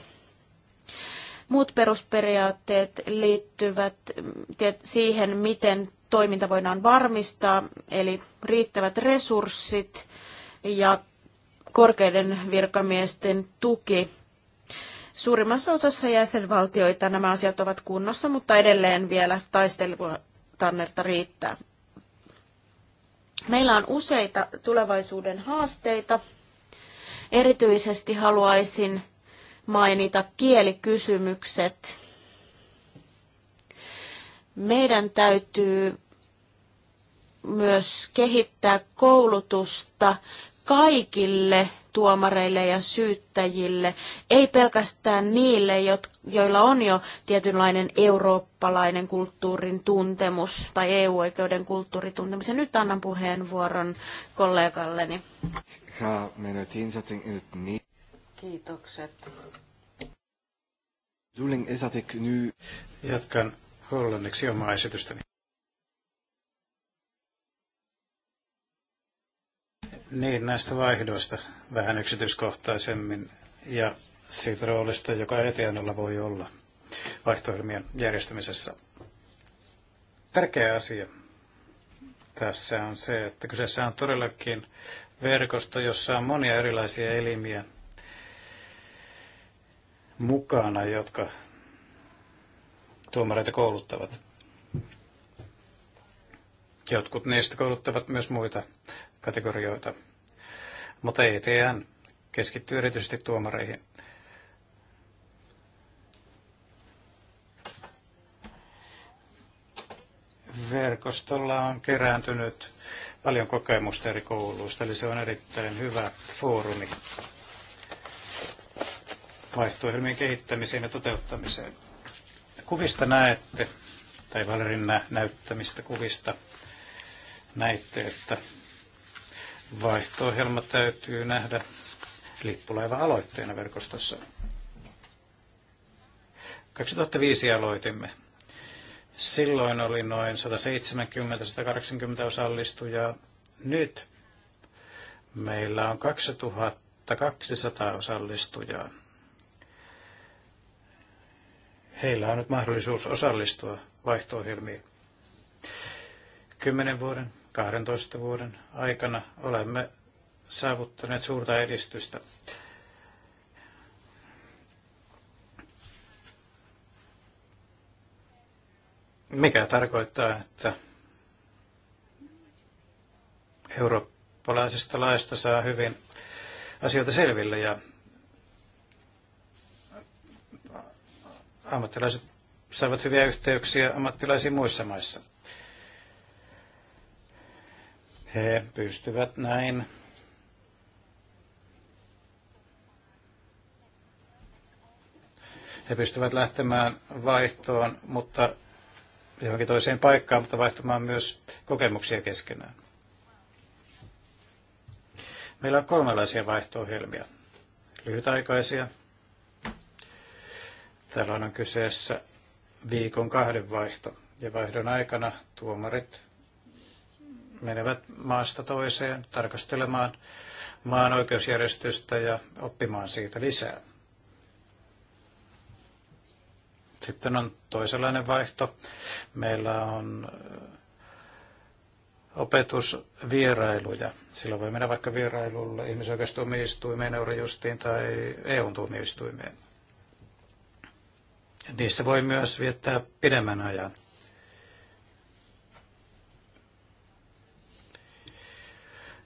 Muut perusperiaatteet liittyvät siihen, miten toiminta voidaan varmistaa, eli riittävät resurssit ja korkeiden virkamiesten tuki. Suurimmassa osassa jäsenvaltioita nämä asiat ovat kunnossa, mutta edelleen vielä taistelua tannerta riittää. Meillä on useita tulevaisuuden haasteita. Erityisesti haluaisin mainita kielikysymykset. Meidän täytyy myös kehittää koulutusta kaikille tuomareille ja syyttäjille, ei pelkästään niille, joilla on jo tietynlainen eurooppalainen kulttuurin tuntemus tai EU-oikeuden kulttuurituntemus. Ja nyt annan puheenvuoron kollegalleni. Kiitokset. Jatkan hollanniksi omaa esitystäni. Niin, näistä vaihdoista vähän yksityiskohtaisemmin ja siitä roolista, joka etianolla voi olla vaihtoehtojen järjestämisessä. Tärkeä asia tässä on se, että kyseessä on todellakin verkosto, jossa on monia erilaisia elimiä mukana, jotka tuomareita kouluttavat. Jotkut niistä kouluttavat myös muita kategorioita. Mutta ETN keskittyy erityisesti tuomareihin. Verkostolla on kerääntynyt paljon kokemusta eri kouluista, eli se on erittäin hyvä foorumi vaihtoehdon kehittämiseen ja toteuttamiseen. Kuvista näette, tai Valerin näyttämistä kuvista näitte, että Vaihto-ohjelma täytyy nähdä lippulaiva-aloitteena verkostossa. 2005 aloitimme. Silloin oli noin 170-180 osallistujaa. Nyt meillä on 2200 osallistujaa. Heillä on nyt mahdollisuus osallistua vaihto-ohjelmiin. Kymmenen vuoden 12 vuoden aikana olemme saavuttaneet suurta edistystä. Mikä tarkoittaa, että eurooppalaisesta laista saa hyvin asioita selville ja ammattilaiset saavat hyviä yhteyksiä ammattilaisiin muissa maissa. He pystyvät näin he pystyvät lähtemään vaihtoon, mutta johonkin toiseen paikkaan, mutta vaihtamaan myös kokemuksia keskenään. Meillä on kolmenlaisia vaihto-ohjelmia. Lyhytaikaisia. Täällä on kyseessä viikon kahden vaihto. Ja vaihdon aikana tuomarit menevät maasta toiseen tarkastelemaan maan oikeusjärjestystä ja oppimaan siitä lisää. Sitten on toisenlainen vaihto. Meillä on opetusvierailuja. Silloin voi mennä vaikka vierailulle ihmisoikeustuomioistuimeen, eurojustiin tai EU-tuomioistuimeen. Niissä voi myös viettää pidemmän ajan.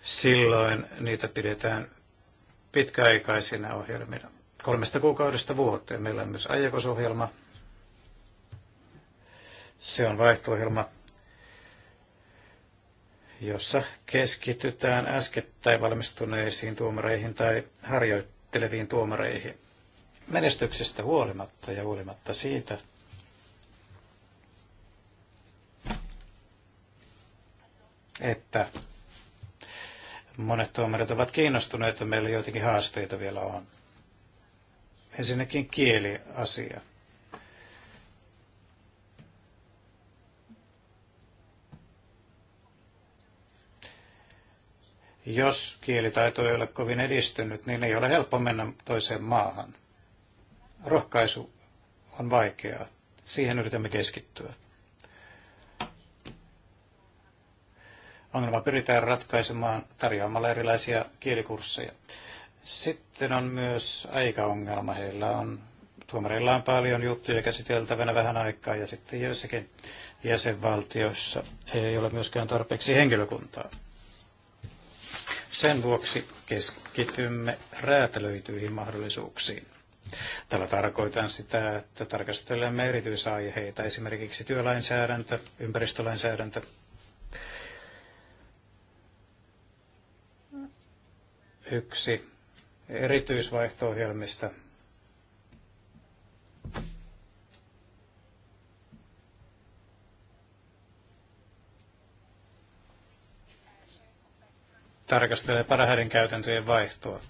silloin niitä pidetään pitkäaikaisina ohjelmina. Kolmesta kuukaudesta vuoteen meillä on myös ajakosohjelma. Se on vaihto jossa keskitytään äskettäin valmistuneisiin tuomareihin tai harjoitteleviin tuomareihin. Menestyksestä huolimatta ja huolimatta siitä, että Monet tuomarit ovat kiinnostuneita, meillä joitakin haasteita vielä on. Ensinnäkin kieliasia. Jos kielitaito ei ole kovin edistynyt, niin ei ole helppo mennä toiseen maahan. Rohkaisu on vaikeaa. Siihen yritämme keskittyä. Ongelma pyritään ratkaisemaan tarjoamalla erilaisia kielikursseja. Sitten on myös aikaongelma. Heillä on tuomareilla on paljon juttuja käsiteltävänä vähän aikaa ja sitten joissakin jäsenvaltioissa ei ole myöskään tarpeeksi henkilökuntaa. Sen vuoksi keskitymme räätälöityihin mahdollisuuksiin. Tällä tarkoitan sitä, että tarkastelemme erityisaiheita, esimerkiksi työlainsäädäntö, ympäristölainsäädäntö, yksi erityisvaihto-ohjelmista. Tarkastelee parhaiden käytäntöjen vaihtoa.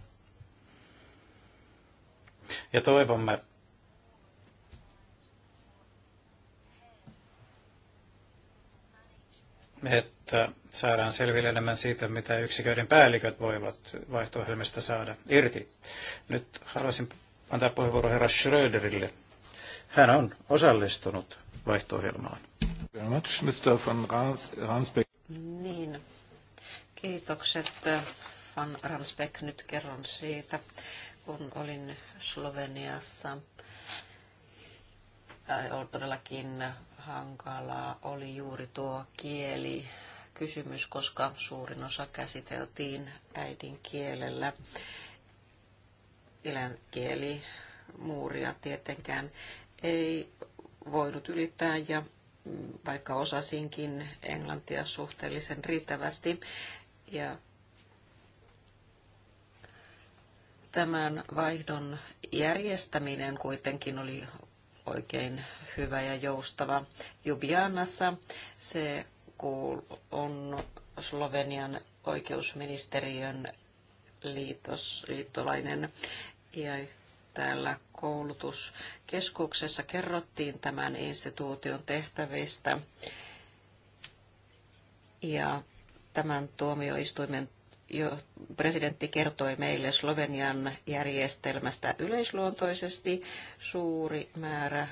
Ja toivomme, että jotta saadaan selville enemmän siitä, mitä yksiköiden päälliköt voivat vaihto saada irti. Nyt haluaisin antaa puheenvuoro herra Schröderille. Hän on osallistunut vaihto-ohjelmaan. Van Niin. Kiitokset Van Ransbeck. Nyt kerron siitä, kun olin Sloveniassa. Todellakin hankalaa oli juuri tuo kieli kysymys, koska suurin osa käsiteltiin äidinkielellä. Eläinkieli muuria tietenkään ei voinut ylittää ja vaikka osasinkin englantia suhteellisen riittävästi ja tämän vaihdon järjestäminen kuitenkin oli oikein hyvä ja joustava Jubianassa. Se on Slovenian oikeusministeriön liitos, liittolainen. Ja täällä koulutuskeskuksessa kerrottiin tämän instituution tehtävistä ja tämän tuomioistuimen jo presidentti kertoi meille Slovenian järjestelmästä yleisluontoisesti. Suuri määrä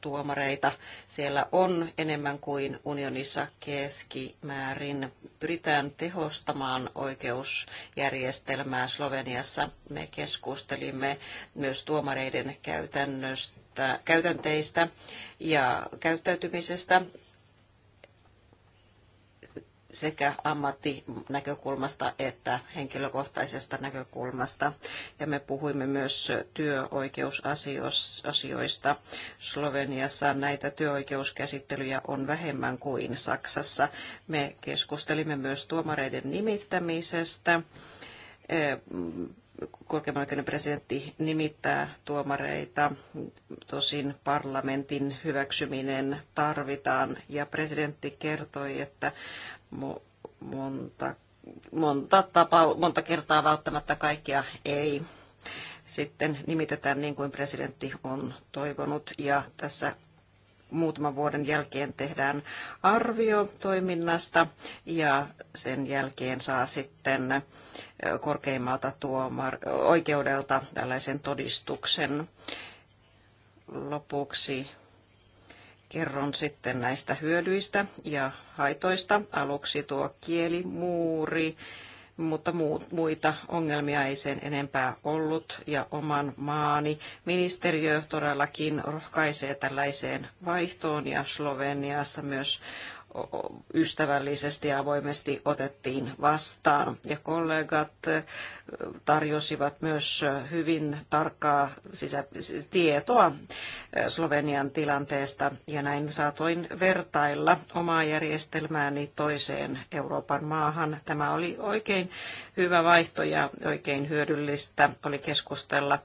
tuomareita. Siellä on enemmän kuin unionissa keskimäärin. Pyritään tehostamaan oikeusjärjestelmää Sloveniassa. Me keskustelimme myös tuomareiden käytännöstä, käytänteistä ja käyttäytymisestä sekä ammattinäkökulmasta että henkilökohtaisesta näkökulmasta. Ja me puhuimme myös työoikeusasioista. Sloveniassa näitä työoikeuskäsittelyjä on vähemmän kuin Saksassa. Me keskustelimme myös tuomareiden nimittämisestä korkeimman oikeuden presidentti nimittää tuomareita. Tosin parlamentin hyväksyminen tarvitaan ja presidentti kertoi, että monta, monta, tapa, monta kertaa välttämättä kaikkia ei sitten nimitetään niin kuin presidentti on toivonut. Ja tässä muutaman vuoden jälkeen tehdään arvio toiminnasta ja sen jälkeen saa sitten korkeimmalta tuomar, oikeudelta tällaisen todistuksen. Lopuksi Kerron sitten näistä hyödyistä ja haitoista. Aluksi tuo kielimuuri, mutta muita ongelmia ei sen enempää ollut. Ja oman maani ministeriö todellakin rohkaisee tällaiseen vaihtoon ja Sloveniassa myös ystävällisesti ja avoimesti otettiin vastaan. Ja kollegat tarjosivat myös hyvin tarkkaa sisä- tietoa Slovenian tilanteesta ja näin saatoin vertailla omaa järjestelmääni toiseen Euroopan maahan. Tämä oli oikein hyvä vaihto ja oikein hyödyllistä oli keskustella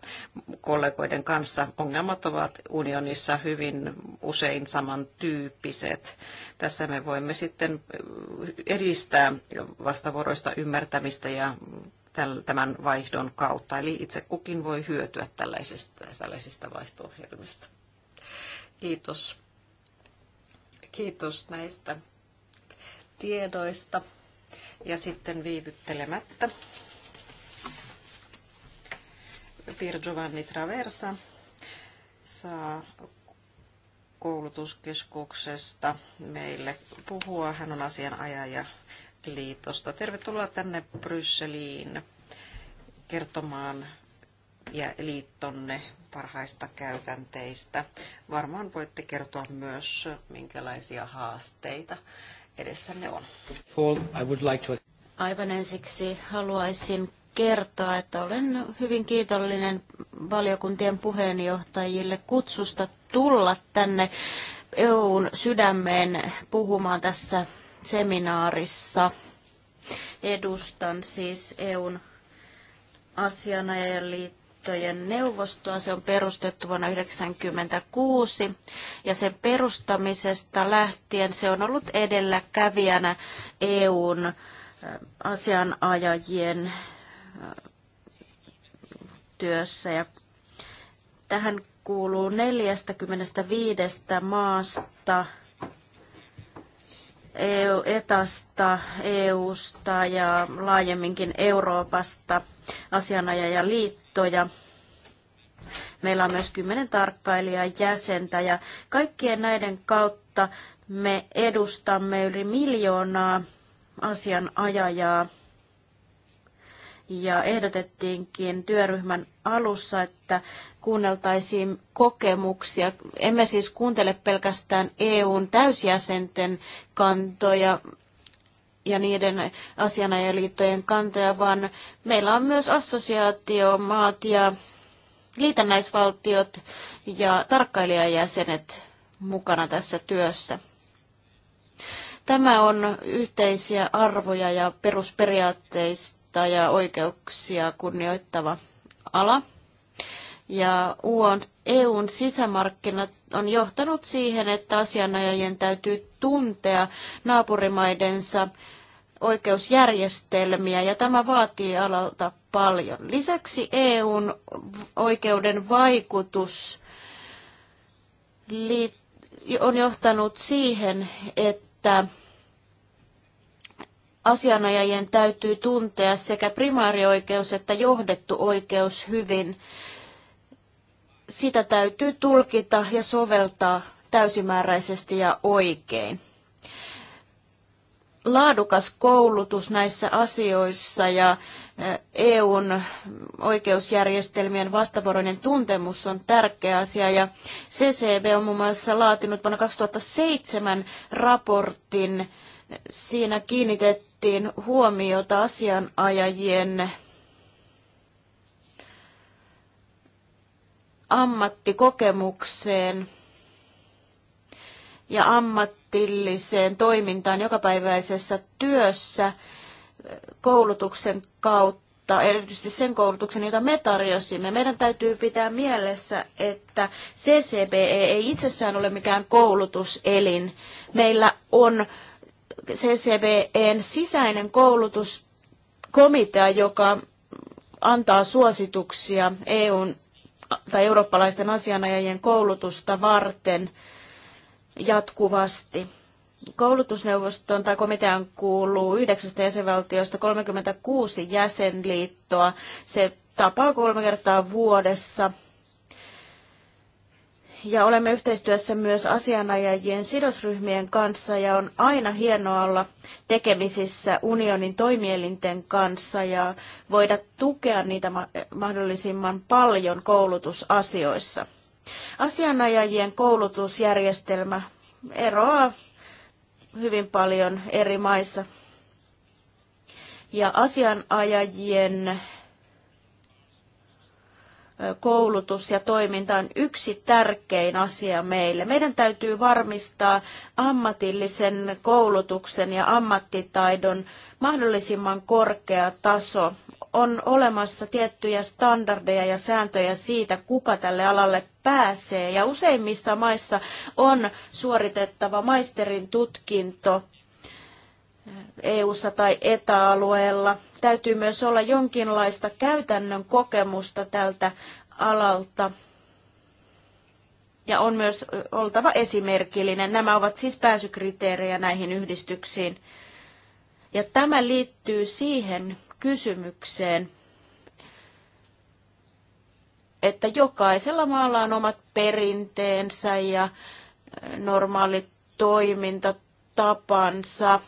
kollegoiden kanssa. Ongelmat ovat unionissa hyvin usein samantyyppiset. Tässä me voimme sitten edistää vastavuoroista ymmärtämistä ja tämän vaihdon kautta. Eli itse kukin voi hyötyä tällaisista, tällaisista vaihto-ohjelmista. Kiitos. Kiitos näistä tiedoista. Ja sitten viivyttelemättä. Pier Giovanni Traversa saa koulutuskeskuksesta meille puhua. Hän on asianajaja liitosta. Tervetuloa tänne Brysseliin kertomaan ja liittonne parhaista käytänteistä. Varmaan voitte kertoa myös, minkälaisia haasteita edessänne on. Aivan ensiksi haluaisin kertoa, että olen hyvin kiitollinen valiokuntien puheenjohtajille kutsusta tulla tänne EUn sydämeen puhumaan tässä seminaarissa. Edustan siis EUn asianajaliittojen neuvostoa. Se on perustettu vuonna 1996 ja sen perustamisesta lähtien se on ollut edelläkävijänä EUn asianajajien työssä ja tähän kuuluu 45 maasta, EU, ETAsta, EUsta ja laajemminkin Euroopasta asianajajaliittoja. Meillä on myös kymmenen tarkkailijaa jäsentä ja kaikkien näiden kautta me edustamme yli miljoonaa asianajajaa ja ehdotettiinkin työryhmän alussa, että kuunneltaisiin kokemuksia. Emme siis kuuntele pelkästään EUn täysjäsenten kantoja ja niiden asianajaliittojen kantoja, vaan meillä on myös assosiaatiomaat ja liitännäisvaltiot ja tarkkailijajäsenet mukana tässä työssä. Tämä on yhteisiä arvoja ja perusperiaatteista vapautta ja oikeuksia kunnioittava ala. Ja EUn sisämarkkinat on johtanut siihen, että asianajajien täytyy tuntea naapurimaidensa oikeusjärjestelmiä ja tämä vaatii alalta paljon. Lisäksi EUn oikeuden vaikutus on johtanut siihen, että asianajajien täytyy tuntea sekä primaarioikeus että johdettu oikeus hyvin. Sitä täytyy tulkita ja soveltaa täysimääräisesti ja oikein. Laadukas koulutus näissä asioissa ja EUn oikeusjärjestelmien vastavuoroinen tuntemus on tärkeä asia ja CCB on muun muassa laatinut vuonna 2007 raportin. Siinä kiinnitettiin kiinnitettiin huomiota asianajajien ammattikokemukseen ja ammatilliseen toimintaan jokapäiväisessä työssä koulutuksen kautta, erityisesti sen koulutuksen, jota me tarjosimme. Meidän täytyy pitää mielessä, että CCBE ei itsessään ole mikään koulutuselin. Meillä on CCBEn sisäinen koulutuskomitea, joka antaa suosituksia EUn tai eurooppalaisten asianajajien koulutusta varten jatkuvasti. Koulutusneuvoston tai komitean kuuluu yhdeksästä jäsenvaltiosta 36 jäsenliittoa. Se tapaa kolme kertaa vuodessa ja olemme yhteistyössä myös asianajajien sidosryhmien kanssa ja on aina hienoa olla tekemisissä unionin toimielinten kanssa ja voida tukea niitä mahdollisimman paljon koulutusasioissa. Asianajajien koulutusjärjestelmä eroaa hyvin paljon eri maissa. Ja asianajajien koulutus ja toiminta on yksi tärkein asia meille. Meidän täytyy varmistaa ammatillisen koulutuksen ja ammattitaidon mahdollisimman korkea taso. On olemassa tiettyjä standardeja ja sääntöjä siitä, kuka tälle alalle pääsee. Ja useimmissa maissa on suoritettava maisterin tutkinto EU-ssa tai etäalueella. Täytyy myös olla jonkinlaista käytännön kokemusta tältä alalta. Ja on myös oltava esimerkillinen. Nämä ovat siis pääsykriteerejä näihin yhdistyksiin. Ja tämä liittyy siihen kysymykseen, että jokaisella maalla on omat perinteensä ja normaalit toimintatapansa.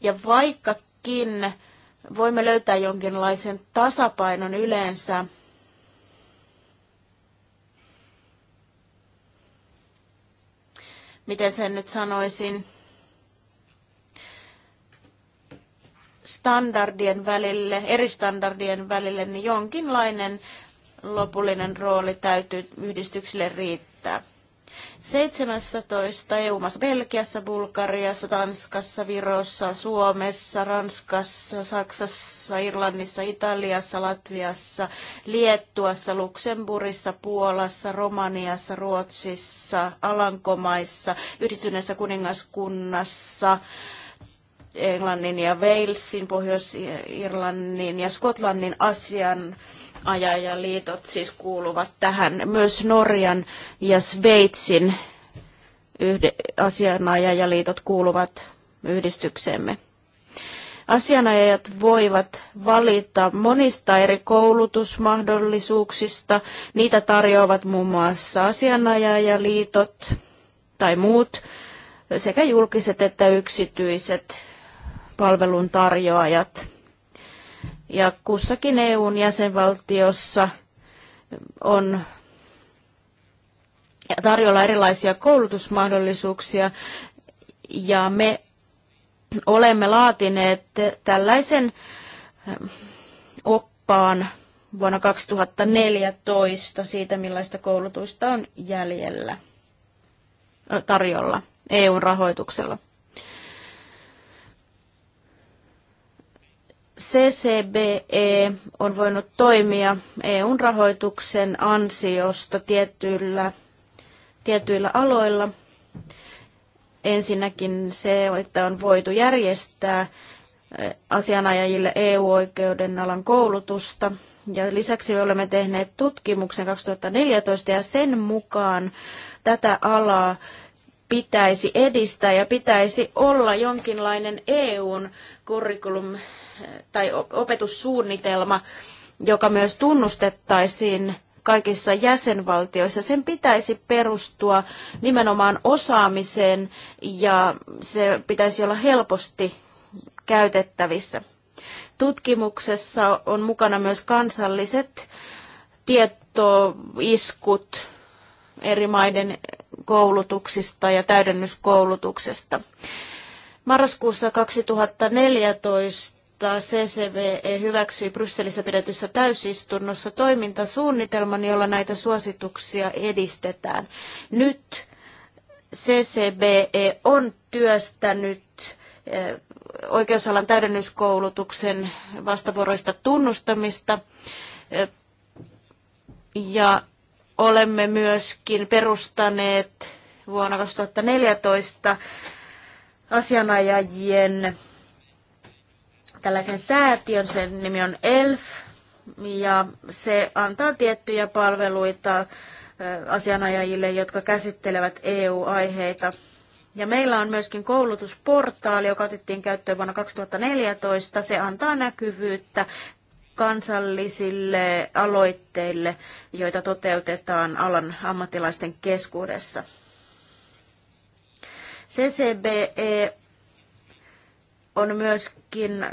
Ja vaikkakin voimme löytää jonkinlaisen tasapainon yleensä, miten sen nyt sanoisin, standardien välille, eri standardien välille, niin jonkinlainen lopullinen rooli täytyy yhdistyksille riittää. 17 EU-maassa, Belgiassa, Bulgariassa, Tanskassa, Virossa, Suomessa, Ranskassa, Saksassa, Irlannissa, Italiassa, Latviassa, Liettuassa, Luxemburissa, Puolassa, Romaniassa, Ruotsissa, Alankomaissa, Yhdistyneessä kuningaskunnassa, Englannin ja Walesin, Pohjois-Irlannin ja Skotlannin asian ajajaliitot siis kuuluvat tähän. Myös Norjan ja Sveitsin yhde, asianajajaliitot kuuluvat yhdistykseemme. Asianajajat voivat valita monista eri koulutusmahdollisuuksista. Niitä tarjoavat muun muassa asianajajaliitot tai muut sekä julkiset että yksityiset palveluntarjoajat. Ja kussakin EUn jäsenvaltiossa on tarjolla erilaisia koulutusmahdollisuuksia ja me olemme laatineet tällaisen eh, oppaan vuonna 2014 siitä, millaista koulutusta on jäljellä eh, tarjolla EUn rahoituksella. CCBE on voinut toimia EUn rahoituksen ansiosta tietyillä, tietyillä aloilla. Ensinnäkin se, että on voitu järjestää e, asianajajille EU-oikeuden alan koulutusta. Ja lisäksi me olemme tehneet tutkimuksen 2014 ja sen mukaan tätä alaa pitäisi edistää ja pitäisi olla jonkinlainen EUn curriculum tai opetussuunnitelma, joka myös tunnustettaisiin kaikissa jäsenvaltioissa. Sen pitäisi perustua nimenomaan osaamiseen ja se pitäisi olla helposti käytettävissä. Tutkimuksessa on mukana myös kansalliset tietoiskut eri maiden koulutuksista ja täydennyskoulutuksesta. Marraskuussa 2014 mutta CCV hyväksyi Brysselissä pidetyssä täysistunnossa toimintasuunnitelman, jolla näitä suosituksia edistetään. Nyt CCBE on työstänyt eh, oikeusalan täydennyskoulutuksen vastavuoroista tunnustamista eh, ja olemme myöskin perustaneet vuonna 2014 asianajajien tällaisen säätiön, sen nimi on ELF, ja se antaa tiettyjä palveluita asianajajille, jotka käsittelevät EU-aiheita. Ja meillä on myöskin koulutusportaali, joka otettiin käyttöön vuonna 2014. Se antaa näkyvyyttä kansallisille aloitteille, joita toteutetaan alan ammattilaisten keskuudessa. CCBE on myöskin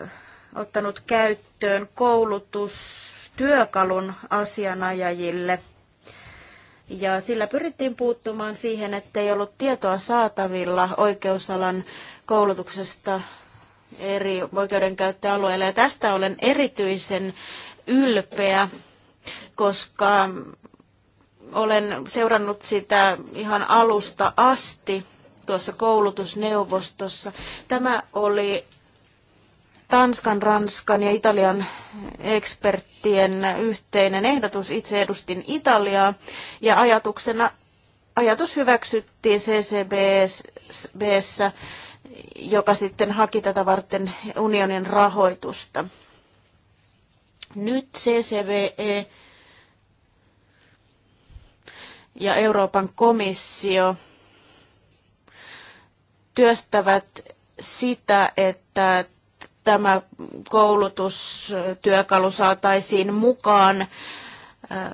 ottanut käyttöön koulutustyökalun asianajajille. Ja sillä pyrittiin puuttumaan siihen, ei ollut tietoa saatavilla oikeusalan koulutuksesta eri oikeudenkäyttöalueilla. Ja tästä olen erityisen ylpeä, koska olen seurannut sitä ihan alusta asti tuossa koulutusneuvostossa. Tämä oli Tanskan, Ranskan ja Italian eksperttien yhteinen ehdotus. Itse edustin Italiaa ja ajatuksena, ajatus hyväksyttiin CCBssä, joka sitten haki tätä varten unionin rahoitusta. Nyt CCBE ja Euroopan komissio työstävät sitä, että tämä koulutustyökalu saataisiin mukaan äh,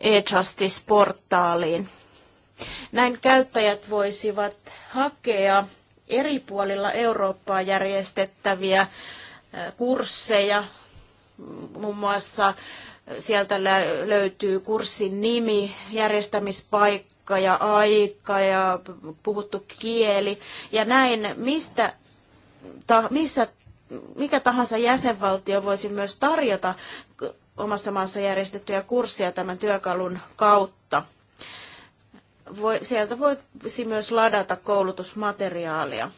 ejustice portaaliin Näin käyttäjät voisivat hakea eri puolilla Eurooppaa järjestettäviä äh, kursseja. Muun muassa sieltä löytyy kurssin nimi, järjestämispaikka ja aika ja puhuttu kieli. Ja näin, mistä ta, missä, mikä tahansa jäsenvaltio voisi myös tarjota omassa maassa järjestettyjä kursseja tämän työkalun kautta. Voi, sieltä voisi myös ladata koulutusmateriaalia.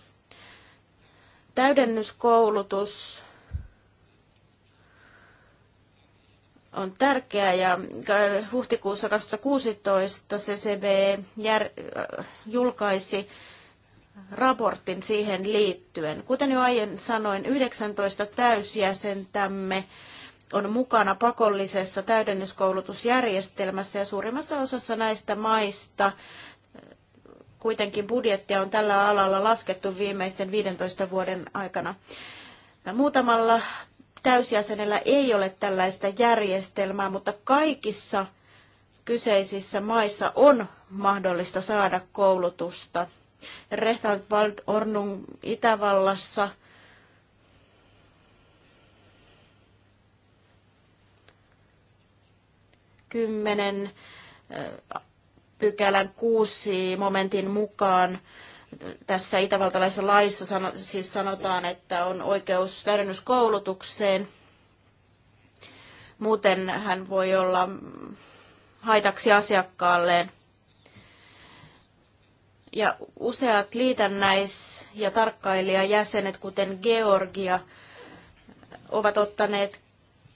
Täydennyskoulutus on tärkeää ja huhtikuussa 2016 CCB jär, julkaisi raportin siihen liittyen. Kuten jo aiemmin sanoin, 19 täysjäsentämme on mukana pakollisessa täydennyskoulutusjärjestelmässä ja suurimmassa osassa näistä maista kuitenkin budjettia on tällä alalla laskettu viimeisten 15 vuoden aikana. Muutamalla täysjäsenellä ei ole tällaista järjestelmää, mutta kaikissa kyseisissä maissa on mahdollista saada koulutusta – Rehtaut Wald Ornung Itävallassa. Kymmenen äh, pykälän kuusi momentin mukaan tässä itävaltalaisessa laissa sano, siis sanotaan, että on oikeus täydennyskoulutukseen. Muuten hän voi olla haitaksi asiakkaalleen. Ja useat liitännäis- ja tarkkailijajäsenet, kuten Georgia, ovat ottaneet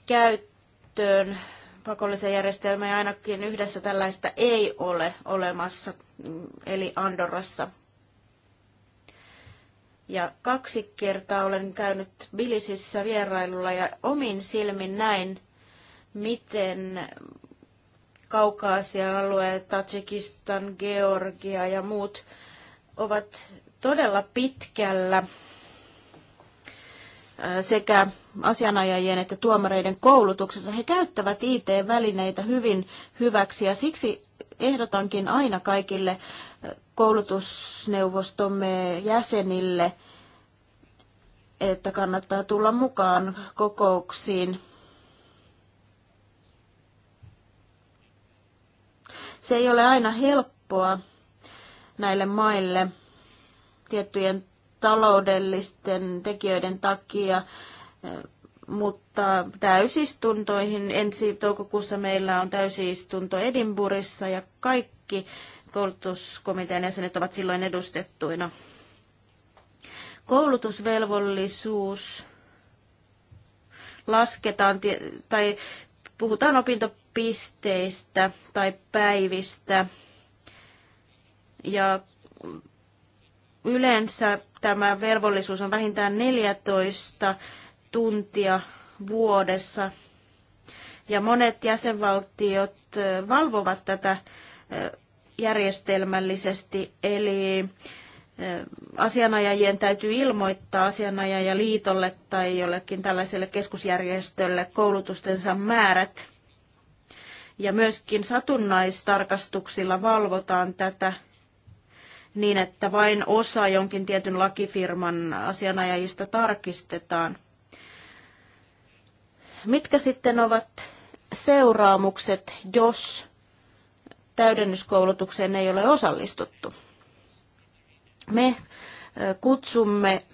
käyttöön pakollisen järjestelmän ja ainakin yhdessä tällaista ei ole olemassa, mm, eli Andorrassa. Ja kaksi kertaa olen käynyt Bilisissä vierailulla ja omin silmin näin, miten Kaukaasian alueet, Tatsikistan, Georgia ja muut ovat todella pitkällä äh, sekä asianajajien että tuomareiden koulutuksessa. He käyttävät IT-välineitä hyvin hyväksi ja siksi ehdotankin aina kaikille äh, koulutusneuvostomme jäsenille, että kannattaa tulla mukaan kokouksiin Se ei ole aina helppoa näille maille tiettyjen taloudellisten tekijöiden takia, eh, mutta täysistuntoihin ensi toukokuussa meillä on täysistunto Edinburghissa ja kaikki koulutuskomitean jäsenet ovat silloin edustettuina. Koulutusvelvollisuus lasketaan tai puhutaan opinto pisteistä tai päivistä. Ja yleensä tämä velvollisuus on vähintään 14 tuntia vuodessa. Ja monet jäsenvaltiot valvovat tätä järjestelmällisesti, eli asianajajien täytyy ilmoittaa asianajajaliitolle tai jollekin tällaiselle keskusjärjestölle koulutustensa määrät. Ja myöskin satunnaistarkastuksilla valvotaan tätä niin, että vain osa jonkin tietyn lakifirman asianajajista tarkistetaan. Mitkä sitten ovat seuraamukset, jos täydennyskoulutukseen ei ole osallistuttu? Me kutsumme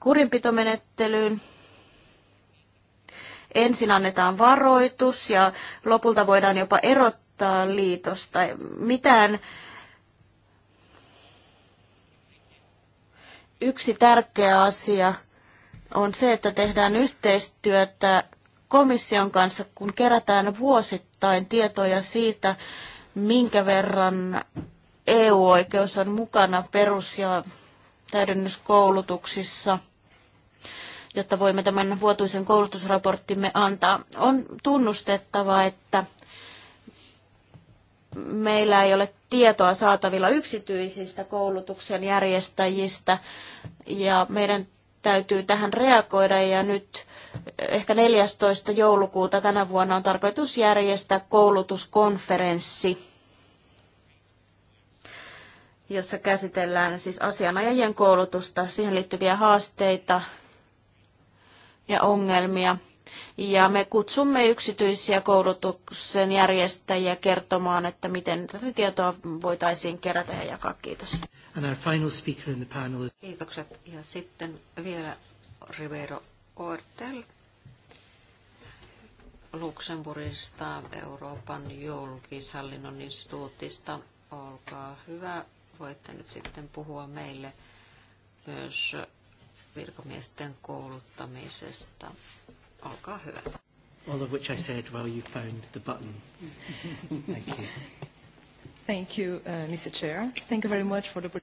kurinpitomenettelyyn ensin annetaan varoitus ja lopulta voidaan jopa erottaa liitosta. Mitään yksi tärkeä asia on se, että tehdään yhteistyötä komission kanssa, kun kerätään vuosittain tietoja siitä, minkä verran EU-oikeus on mukana perus- ja täydennyskoulutuksissa – jotta voimme tämän vuotuisen koulutusraporttimme antaa. On tunnustettava, että meillä ei ole tietoa saatavilla yksityisistä koulutuksen järjestäjistä ja meidän täytyy tähän reagoida ja nyt ehkä 14. joulukuuta tänä vuonna on tarkoitus järjestää koulutuskonferenssi, jossa käsitellään siis asianajajien koulutusta, siihen liittyviä haasteita ja ongelmia. Ja me kutsumme yksityisiä koulutuksen järjestäjiä kertomaan, että miten tätä tietoa voitaisiin kerätä ja jakaa. Kiitos. And our final speaker in the panel. Kiitokset. Ja sitten vielä Rivero Ortel Luxemburgista, Euroopan julkishallinnon instituutista. Olkaa hyvä. Voitte nyt sitten puhua meille myös virkamiesten kouluttamisesta. Olkaa hyvä. All of which I said while you found the button. Thank you. Thank you, uh, Mr. Chair. Thank you very much for the...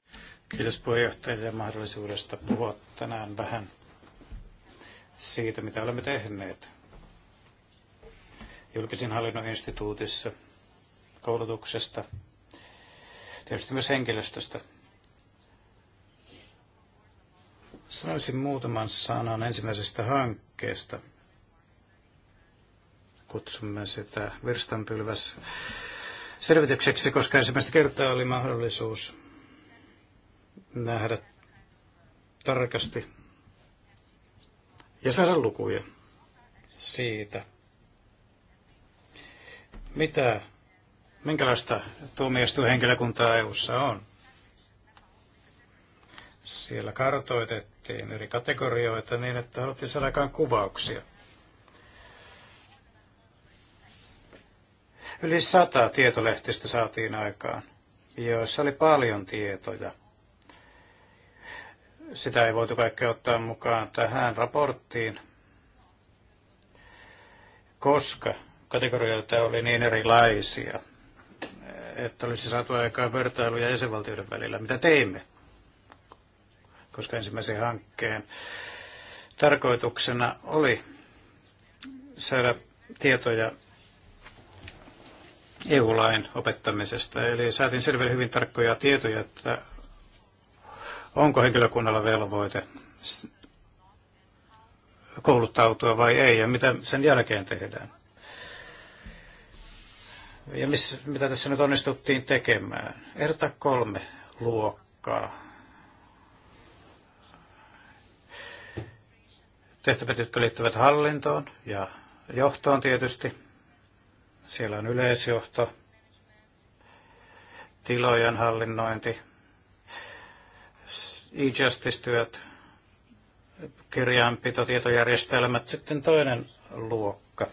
Kiitos puheenjohtajille mahdollisuudesta puhua tänään vähän siitä, mitä olemme tehneet julkisen hallinnon instituutissa, koulutuksesta, tietysti myös henkilöstöstä – Sanoisin muutaman sanan ensimmäisestä hankkeesta. Kutsumme sitä virstanpylväs selvitykseksi, koska ensimmäistä kertaa oli mahdollisuus nähdä tarkasti ja saada lukuja siitä, mitä, minkälaista tuomioistuinhenkilökuntaa EU:ssa on. Siellä kartoitettiin tehtiin eri kategorioita niin, että haluttiin saada aikaan kuvauksia. Yli sata tietolehtistä saatiin aikaan, joissa oli paljon tietoja. Sitä ei voitu kaikkea ottaa mukaan tähän raporttiin, koska kategorioita oli niin erilaisia, että olisi saatu aikaan vertailuja jäsenvaltioiden välillä, mitä teimme koska ensimmäisen hankkeen tarkoituksena oli saada tietoja EU-lain opettamisesta. Eli saatiin selville hyvin tarkkoja tietoja, että onko henkilökunnalla velvoite kouluttautua vai ei ja mitä sen jälkeen tehdään. Ja miss, mitä tässä nyt onnistuttiin tekemään? Erta kolme luokkaa tehtävät, jotka liittyvät hallintoon ja johtoon tietysti. Siellä on yleisjohto, tilojen hallinnointi, e-justice-työt, kirjanpito, tietojärjestelmät. Sitten toinen luokka.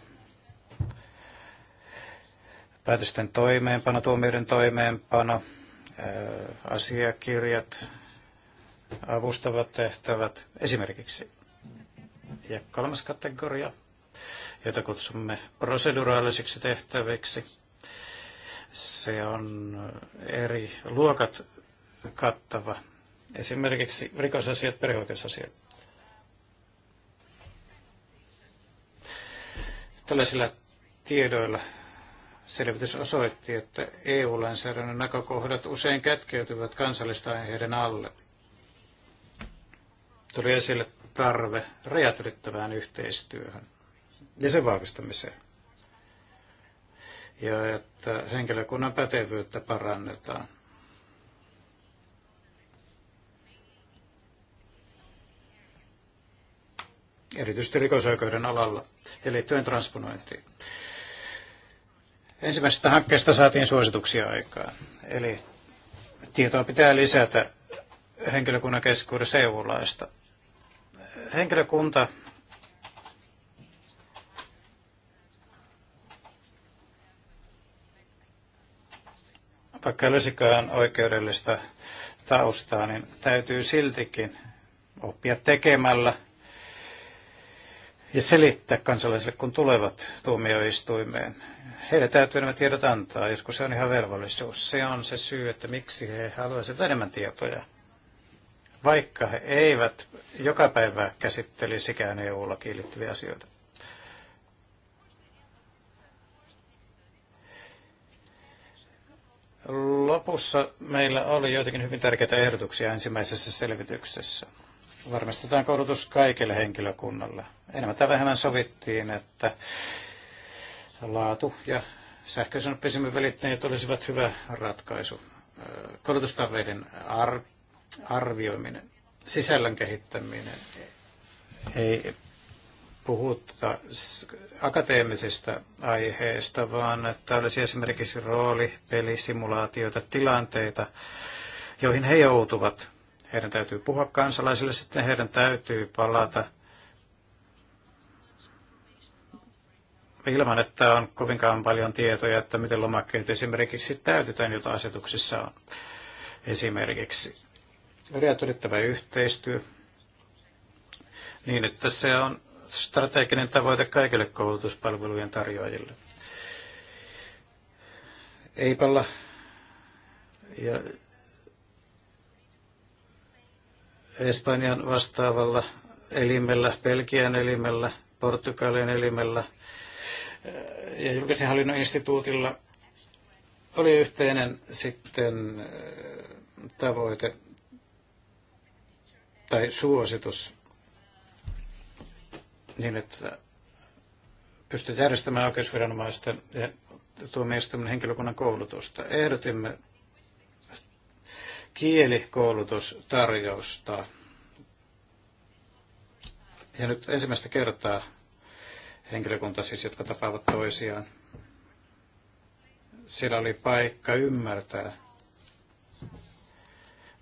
Päätösten toimeenpano, tuomioiden toimeenpano, asiakirjat, avustavat tehtävät esimerkiksi. Ja kolmas kategoria, jota kutsumme proseduraalisiksi tehtäviksi, se on eri luokat kattava. Esimerkiksi rikosasiat, perheoikeusasiat. Tällaisilla tiedoilla selvitys osoitti, että EU-lainsäädännön näkökohdat usein kätkeytyvät kansallista aiheiden alle. Tuli esille tarve rajat ylittävään yhteistyöhön ja sen vahvistamiseen. Ja että henkilökunnan pätevyyttä parannetaan. erityisesti rikosoikeuden alalla eli työn transponointiin. Ensimmäisestä hankkeesta saatiin suosituksia aikaan. Eli tietoa pitää lisätä henkilökunnan keskuudessa EU-laista henkilökunta vaikka ei oikeudellista taustaa, niin täytyy siltikin oppia tekemällä ja selittää kansalaisille, kun tulevat tuomioistuimeen. Heille täytyy nämä tiedot antaa, joskus se on ihan velvollisuus. Se on se syy, että miksi he haluaisivat enemmän tietoja vaikka he eivät joka päivä käsittelisikään EU-lakiin liittyviä asioita. Lopussa meillä oli joitakin hyvin tärkeitä ehdotuksia ensimmäisessä selvityksessä. Varmistetaan koulutus kaikille henkilökunnalle. Enemmän tai vähemmän sovittiin, että laatu ja sähköisen oppisimen välittäjät olisivat hyvä ratkaisu. Koulutustarveiden ar- arvioiminen, sisällön kehittäminen, ei puhuta akateemisista aiheista, vaan että olisi esimerkiksi rooli, pelisimulaatioita, tilanteita, joihin he joutuvat. Heidän täytyy puhua kansalaisille, sitten heidän täytyy palata ilman, että on kovinkaan paljon tietoja, että miten lomakkeet esimerkiksi täytetään, jota asetuksissa on esimerkiksi. Rajat yhteistyö niin, että se on strateginen tavoite kaikille koulutuspalvelujen tarjoajille. Eipalla ja Espanjan vastaavalla elimellä, Belgian elimellä, Portugalin elimellä ja julkisen hallinnon instituutilla oli yhteinen sitten tavoite tai suositus niin, että pystyt järjestämään oikeusviranomaisten ja tuomioistuimen henkilökunnan koulutusta. Ehdotimme kielikoulutustarjousta. Ja nyt ensimmäistä kertaa henkilökunta siis, jotka tapaavat toisiaan. Siellä oli paikka ymmärtää,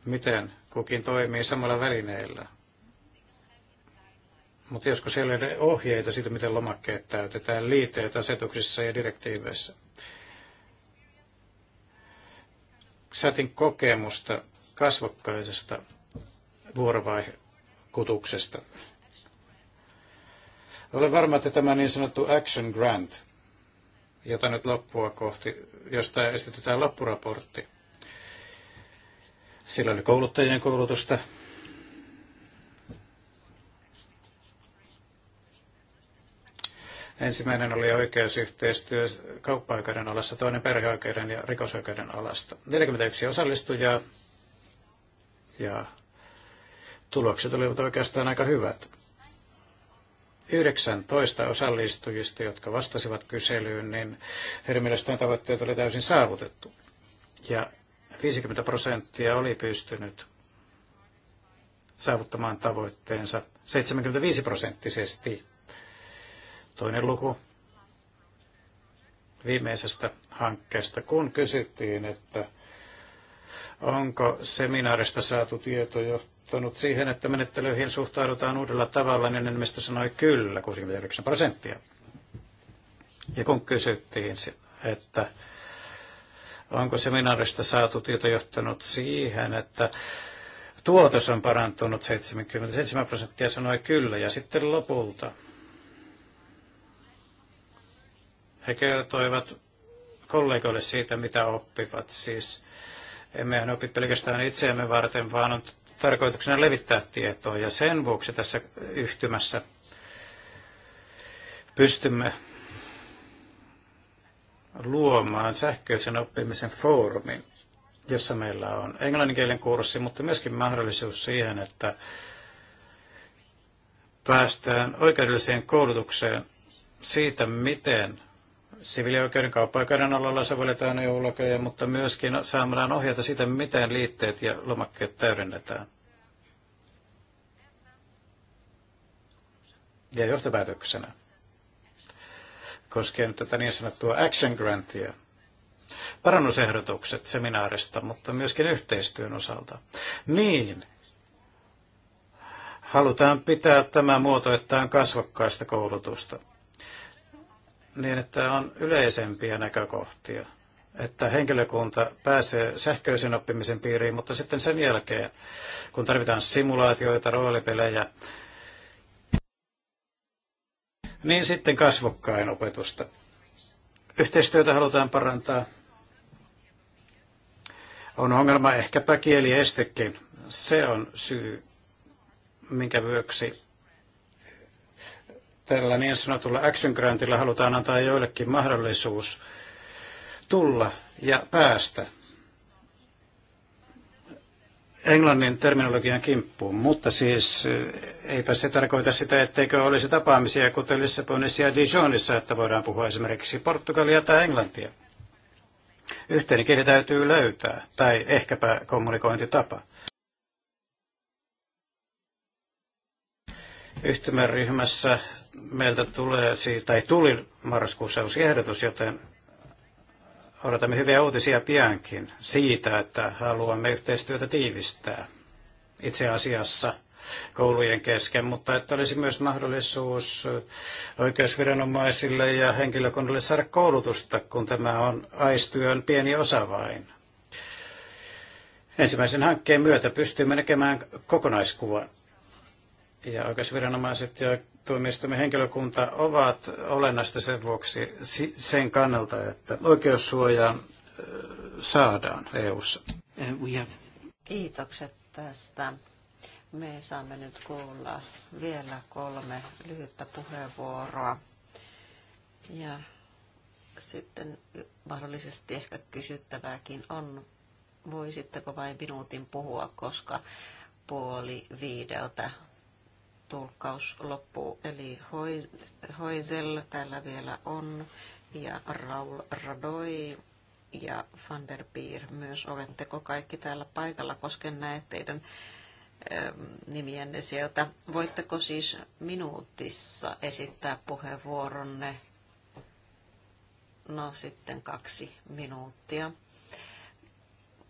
miten kukin toimii samalla välineellä. Mutta joskus ei ole ohjeita siitä, miten lomakkeet täytetään liitteet asetuksissa ja direktiiveissä. Saatin kokemusta kasvokkaisesta vuorovaikutuksesta. Olen varma, että tämä niin sanottu action grant, jota nyt loppua kohti, josta esitetään loppuraportti – siellä oli kouluttajien koulutusta. Ensimmäinen oli oikeusyhteistyö kauppa-oikeuden alassa, toinen perheoikeuden ja rikosoikeuden alasta. 41 osallistujaa ja tulokset olivat oikeastaan aika hyvät. 19 osallistujista, jotka vastasivat kyselyyn, niin heidän mielestään tavoitteet oli täysin saavutettu. Ja 50 prosenttia oli pystynyt saavuttamaan tavoitteensa 75 prosenttisesti. Toinen luku viimeisestä hankkeesta, kun kysyttiin, että onko seminaarista saatu tieto johtanut siihen, että menettelyihin suhtaudutaan uudella tavalla, niin enemmistö sanoi kyllä, 69 prosenttia. Ja kun kysyttiin, että Onko seminaarista saatu tieto johtanut siihen, että tuotos on parantunut 77 prosenttia, sanoi kyllä, ja sitten lopulta he kertoivat kollegoille siitä, mitä oppivat. Siis emmehän opi pelkästään itseämme varten, vaan on tarkoituksena levittää tietoa, ja sen vuoksi tässä yhtymässä pystymme luomaan sähköisen oppimisen foorumin, jossa meillä on englanninkielen kurssi, mutta myöskin mahdollisuus siihen, että päästään oikeudelliseen koulutukseen siitä, miten siviilioikeuden kauppaoikeuden alalla sovelletaan EU-lakeja, mutta myöskin saadaan ohjata siitä, miten liitteet ja lomakkeet täydennetään. Ja johtopäätöksenä koskien tätä niin sanottua action grantia, parannusehdotukset seminaarista, mutta myöskin yhteistyön osalta. Niin, halutaan pitää tämä muoto, että on kasvokkaista koulutusta, niin että on yleisempiä näkökohtia, että henkilökunta pääsee sähköisen oppimisen piiriin, mutta sitten sen jälkeen, kun tarvitaan simulaatioita, roolipelejä, niin sitten kasvokkain opetusta. Yhteistyötä halutaan parantaa. On ongelma ehkäpä estekin. Se on syy, minkä vyöksi tällä niin sanotulla action grantilla halutaan antaa joillekin mahdollisuus tulla ja päästä englannin terminologian kimppuun, mutta siis eh, eipä se tarkoita sitä, etteikö olisi tapaamisia kuten Lissabonissa ja Dijonissa, että voidaan puhua esimerkiksi portugalia tai englantia. Yhteinen kieli täytyy löytää, tai ehkäpä kommunikointitapa. Yhtymäryhmässä meiltä tulee, tai tuli marraskuussa uusi ehdotus, joten odotamme hyviä uutisia piankin siitä, että haluamme yhteistyötä tiivistää itse asiassa koulujen kesken, mutta että olisi myös mahdollisuus oikeusviranomaisille ja henkilökunnalle saada koulutusta, kun tämä on aistyön pieni osa vain. Ensimmäisen hankkeen myötä pystymme näkemään kokonaiskuvan ja oikeusviranomaiset ja tuomioistuimen henkilökunta ovat olennaista sen vuoksi sen kannalta, että oikeussuoja saadaan EU-ssa. Uh, Kiitokset tästä. Me saamme nyt kuulla vielä kolme lyhyttä puheenvuoroa. Ja sitten mahdollisesti ehkä kysyttävääkin on, voisitteko vain minuutin puhua, koska puoli viideltä tulkkaus loppuu. Eli Hoisel täällä vielä on ja Raul Radoi ja Van der Beer myös. Oletteko kaikki täällä paikalla, koska näet teidän ähm, nimienne sieltä. Voitteko siis minuutissa esittää puheenvuoronne? No sitten kaksi minuuttia.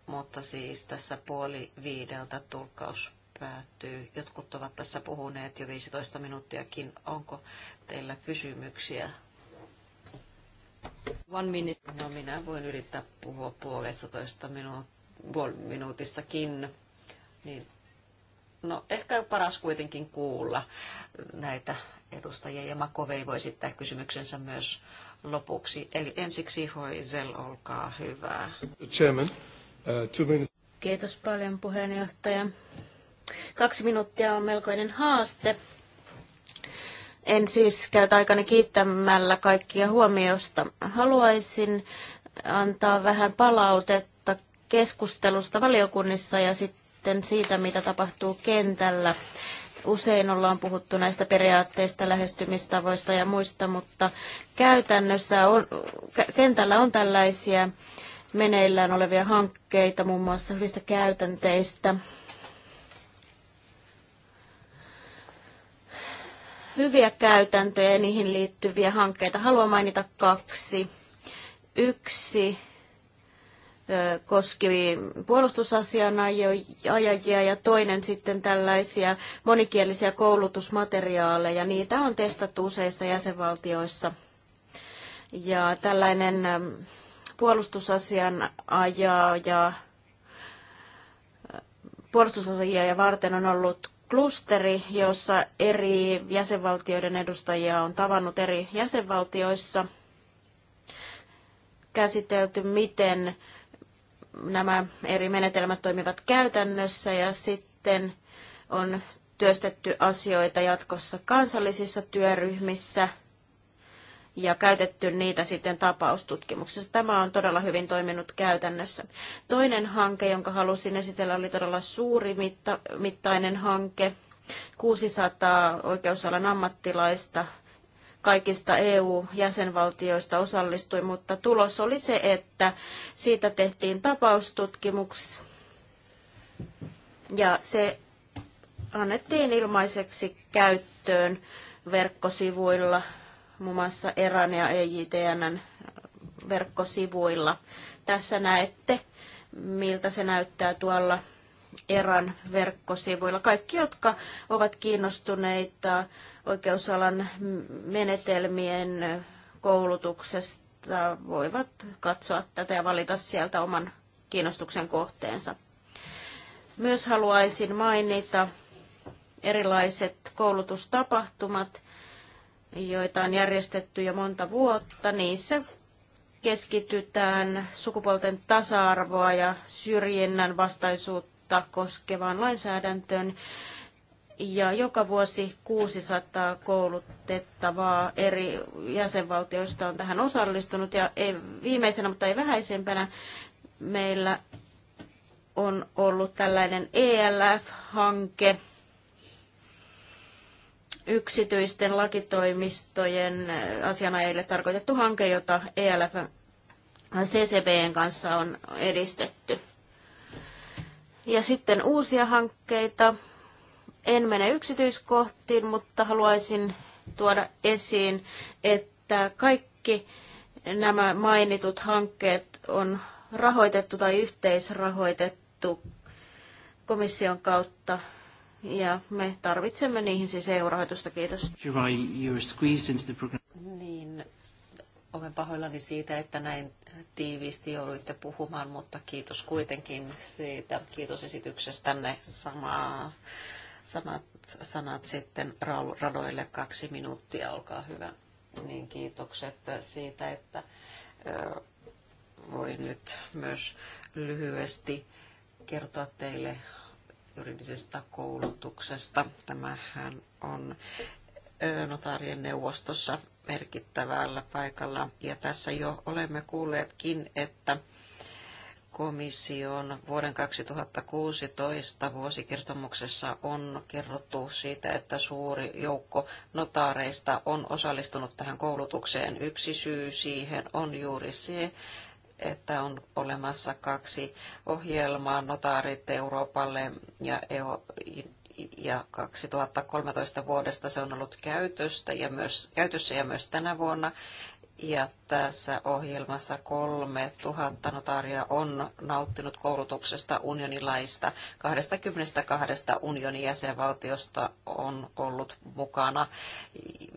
Mutta siis tässä puoli viideltä tulkkaus päättyy. Jotkut ovat tässä puhuneet jo 15 minuuttiakin. Onko teillä kysymyksiä? One minute. No minä voin yrittää puhua puolestatoista minuut- puol- minuutissakin. Niin. No ehkä paras kuitenkin kuulla näitä edustajia ja Makovei voi esittää kysymyksensä myös lopuksi. Eli ensiksi Hoisel, olkaa hyvä. Chairman, uh, two minutes. Kiitos paljon puheenjohtaja. Kaksi minuuttia on melkoinen haaste. En siis käytä aikana kiittämällä kaikkia huomiosta. Haluaisin antaa vähän palautetta keskustelusta valiokunnissa ja sitten siitä, mitä tapahtuu kentällä. Usein ollaan puhuttu näistä periaatteista, lähestymistavoista ja muista, mutta käytännössä on, kentällä on tällaisia meneillään olevia hankkeita, muun muassa hyvistä käytänteistä hyviä käytäntöjä ja niihin liittyviä hankkeita. Haluan mainita kaksi. Yksi koski puolustusasianajajia ja toinen sitten tällaisia monikielisiä koulutusmateriaaleja. Niitä on testattu useissa jäsenvaltioissa. Ja tällainen puolustusasianajaja puolustusasiaa ja varten on ollut klusteri, jossa eri jäsenvaltioiden edustajia on tavannut eri jäsenvaltioissa käsitelty, miten nämä eri menetelmät toimivat käytännössä ja sitten on työstetty asioita jatkossa kansallisissa työryhmissä – ja käytetty niitä sitten tapaustutkimuksessa. Tämä on todella hyvin toiminut käytännössä. Toinen hanke, jonka halusin esitellä, oli todella suuri mitta, mittainen hanke. 600 oikeusalan ammattilaista kaikista EU-jäsenvaltioista osallistui, mutta tulos oli se, että siitä tehtiin tapaustutkimus ja se annettiin ilmaiseksi käyttöön verkkosivuilla muun muassa ERAN ja EJTNn äh, verkkosivuilla. Tässä näette, miltä se näyttää tuolla ERAN verkkosivuilla. Kaikki, jotka ovat kiinnostuneita oikeusalan menetelmien koulutuksesta, voivat katsoa tätä ja valita sieltä oman kiinnostuksen kohteensa. Myös haluaisin mainita erilaiset koulutustapahtumat, joita on järjestetty jo monta vuotta. Niissä keskitytään sukupuolten tasa-arvoa ja syrjinnän vastaisuutta koskevaan lainsäädäntöön. Ja joka vuosi 600 koulutettavaa eri jäsenvaltioista on tähän osallistunut. Ja ei, viimeisenä, mutta ei vähäisempänä, meillä on ollut tällainen ELF-hanke – yksityisten lakitoimistojen asianajille tarkoitettu hanke, jota ELF CCBn kanssa on edistetty. Ja sitten uusia hankkeita. En mene yksityiskohtiin, mutta haluaisin tuoda esiin, että kaikki nämä mainitut hankkeet on rahoitettu tai yhteisrahoitettu komission kautta ja me tarvitsemme niihin siis EU-rahoitusta. Kiitos. Niin, olen pahoillani siitä, että näin tiiviisti jouduitte puhumaan, mutta kiitos kuitenkin siitä. Kiitos esityksestänne. Samaa, samat sanat sitten radoille kaksi minuuttia. Olkaa hyvä. Niin kiitokset siitä, että voin nyt myös lyhyesti kertoa teille juridisesta koulutuksesta. Tämähän on notaarien neuvostossa merkittävällä paikalla. Ja tässä jo olemme kuulleetkin, että komission vuoden 2016 vuosikertomuksessa on kerrottu siitä, että suuri joukko notaareista on osallistunut tähän koulutukseen. Yksi syy siihen on juuri se, että on olemassa kaksi ohjelmaa, notaarit Euroopalle ja, EU, ja 2013 vuodesta se on ollut käytöstä ja myös, käytössä ja myös tänä vuonna. Ja tässä ohjelmassa 3000 notaaria on nauttinut koulutuksesta unionilaista. 22 unionin jäsenvaltiosta on ollut mukana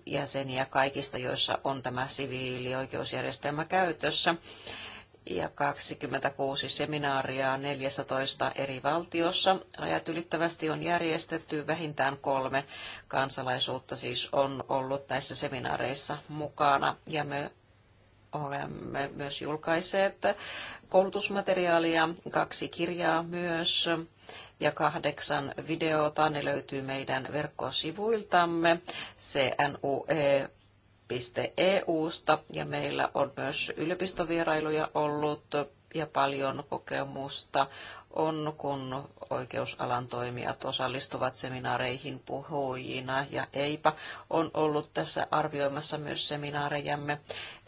jäseniä kaikista, joissa on tämä siviilioikeusjärjestelmä käytössä ja 26 seminaaria 14 eri valtiossa. Rajat ylittävästi on järjestetty, vähintään kolme kansalaisuutta siis on ollut näissä seminaareissa mukana ja me olemme myös julkaiseet koulutusmateriaalia, kaksi kirjaa myös ja kahdeksan videota. Ne löytyy meidän verkkosivuiltamme cnue.com EUsta e ja meillä on myös yliopistovierailuja ollut ja paljon kokemusta on, kun oikeusalan toimijat osallistuvat seminaareihin puhujina ja EIPA on ollut tässä arvioimassa myös seminaarejamme.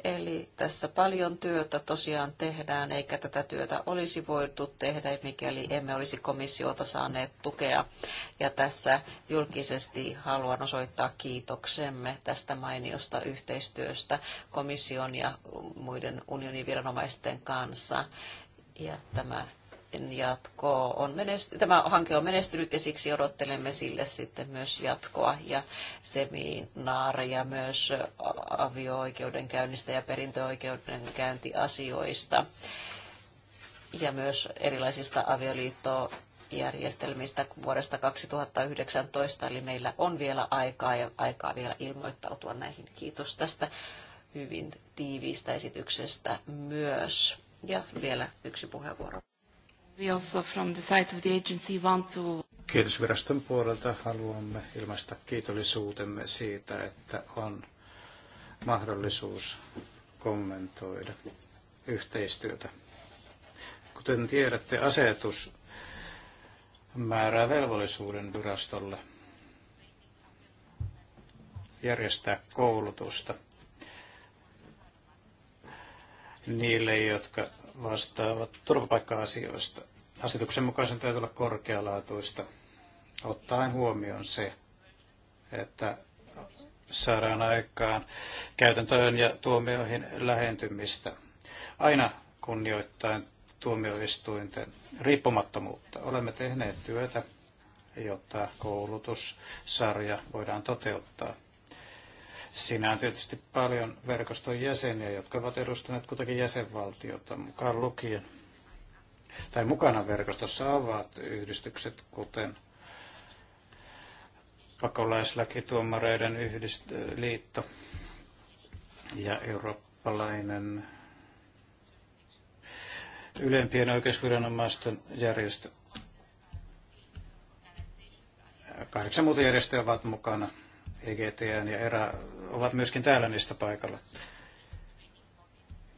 Eli tässä paljon työtä tosiaan tehdään, eikä tätä työtä olisi voitu tehdä, mikäli emme olisi komissiota saaneet tukea. Ja tässä julkisesti haluan osoittaa kiitoksemme tästä mainiosta yhteistyöstä komission ja muiden unionin viranomaisten kanssa. Ja tämä Jatko on menesty- tämä hanke on menestynyt ja siksi odottelemme sille sitten myös jatkoa ja seminaareja myös avio-oikeudenkäynnistä ja perintöoikeudenkäyntiasioista ja myös erilaisista avioliittojärjestelmistä vuodesta 2019, eli meillä on vielä aikaa ja aikaa vielä ilmoittautua näihin. Kiitos tästä hyvin tiiviistä esityksestä myös. Ja vielä yksi puheenvuoro. We also puolelta haluamme ilmaista kiitollisuutemme siitä, että on mahdollisuus kommentoida yhteistyötä. Kuten tiedätte, asetus määrää velvollisuuden virastolle järjestää koulutusta niille, jotka vastaavat turvapaikka-asioista. Asetuksen mukaisen täytyy olla korkealaatuista, ottaen huomioon se, että saadaan aikaan käytäntöön ja tuomioihin lähentymistä. Aina kunnioittain tuomioistuinten riippumattomuutta. Olemme tehneet työtä, jotta koulutussarja voidaan toteuttaa. Siinä on tietysti paljon verkoston jäseniä, jotka ovat edustaneet kuitenkin jäsenvaltiota mukaan lukien. Tai mukana verkostossa ovat yhdistykset, kuten pakolaislakituomareiden yhdist- liitto ja eurooppalainen ylempien oikeusviranomaisten järjestö. Kahdeksan muuta järjestöä ovat mukana – EGTN ja ERA ovat myöskin täällä niistä paikalla.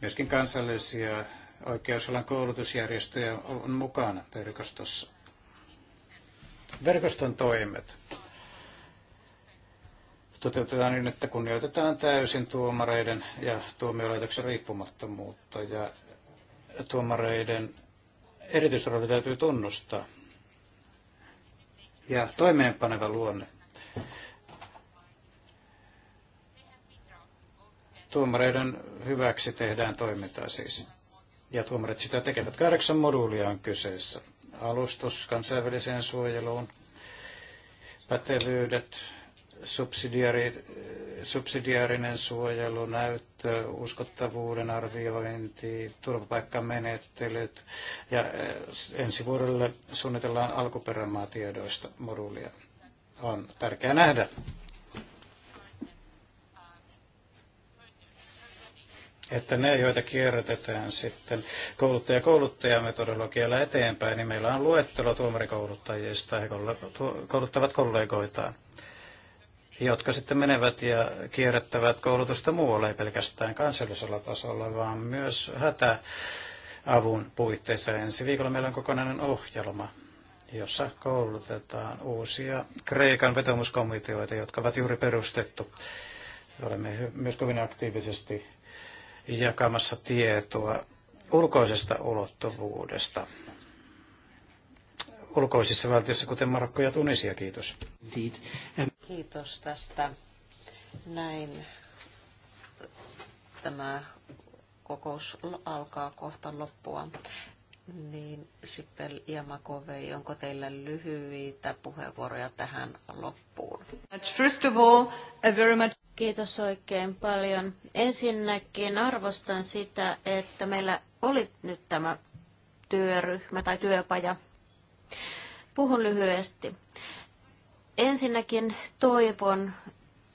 Myöskin kansallisia oikeusalan koulutusjärjestöjä on mukana verkostossa. Verkoston toimet toteutetaan niin, että kunnioitetaan täysin tuomareiden ja tuomiolaitoksen riippumattomuutta ja tuomareiden erityisrooli täytyy tunnustaa ja toimeenpaneva luonne. Tuomareiden hyväksi tehdään toimintaa siis. Ja tuomarit sitä tekevät. Kahdeksan moduulia on kyseessä. Alustus kansainväliseen suojeluun, pätevyydet, subsidiaarinen suojelu, näyttö, uskottavuuden arviointi, turvapaikkamenettelyt ja eh, ensi vuodelle suunnitellaan alkuperämaatiedoista moduulia. On tärkeää nähdä, että ne, joita kierrätetään sitten kouluttaja kouluttajametodologialla eteenpäin, niin meillä on luettelo tuomarikouluttajista, he kouluttavat kollegoitaan jotka sitten menevät ja kierrättävät koulutusta muualle, ei pelkästään kansallisella tasolla, vaan myös hätäavun puitteissa. Ensi viikolla meillä on kokonainen ohjelma, jossa koulutetaan uusia Kreikan vetomuskomiteoita, jotka ovat juuri perustettu. Olemme myös kovin aktiivisesti jakamassa tietoa ulkoisesta ulottuvuudesta ulkoisissa valtioissa, kuten Marokko ja Tunisia. Kiitos. Um, kiitos tästä. Näin tämä kokous alkaa kohta loppua. Niin, Sippel ja Makovei, onko teillä lyhyitä puheenvuoroja tähän loppuun? First of all, a very much... Kiitos oikein paljon. Ensinnäkin arvostan sitä, että meillä oli nyt tämä työryhmä tai työpaja. Puhun lyhyesti. Ensinnäkin toivon,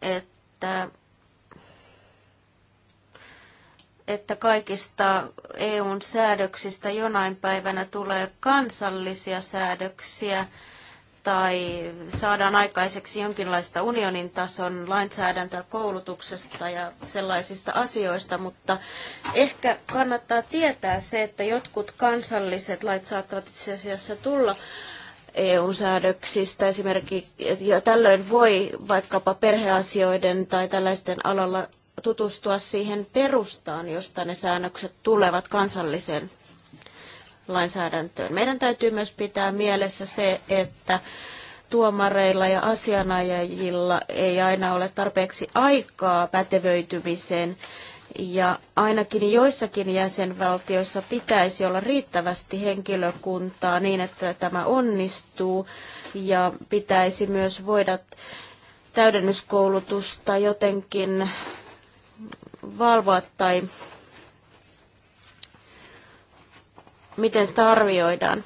että että kaikista EUn säädöksistä jonain päivänä tulee kansallisia säädöksiä tai saadaan aikaiseksi jonkinlaista unionin tason lainsäädäntöä koulutuksesta ja sellaisista asioista, mutta ehkä kannattaa tietää se, että jotkut kansalliset lait saattavat itse asiassa tulla EU-säädöksistä. Esimerkiksi ja tällöin voi vaikkapa perheasioiden tai tällaisten alalla tutustua siihen perustaan, josta ne säännökset tulevat kansalliseen lainsäädäntöön. Meidän täytyy myös pitää mielessä se, että tuomareilla ja asianajajilla ei aina ole tarpeeksi aikaa pätevöitymiseen. Ja ainakin joissakin jäsenvaltioissa pitäisi olla riittävästi henkilökuntaa niin, että tämä onnistuu. Ja pitäisi myös voida täydennyskoulutusta jotenkin valvoa tai miten sitä arvioidaan.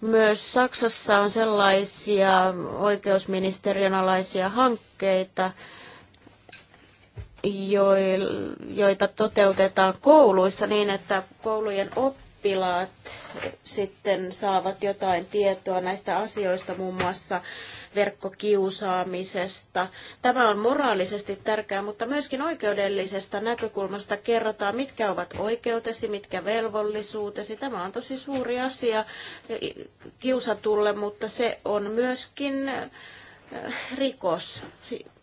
Myös Saksassa on sellaisia oikeusministeriön alaisia hankkeita, joita toteutetaan kouluissa niin, että koulujen op oppilaat sitten saavat jotain tietoa näistä asioista, muun muassa verkkokiusaamisesta. Tämä on moraalisesti tärkeää, mutta myöskin oikeudellisesta näkökulmasta kerrotaan, mitkä ovat oikeutesi, mitkä velvollisuutesi. Tämä on tosi suuri asia kiusatulle, mutta se on myöskin eh, rikos.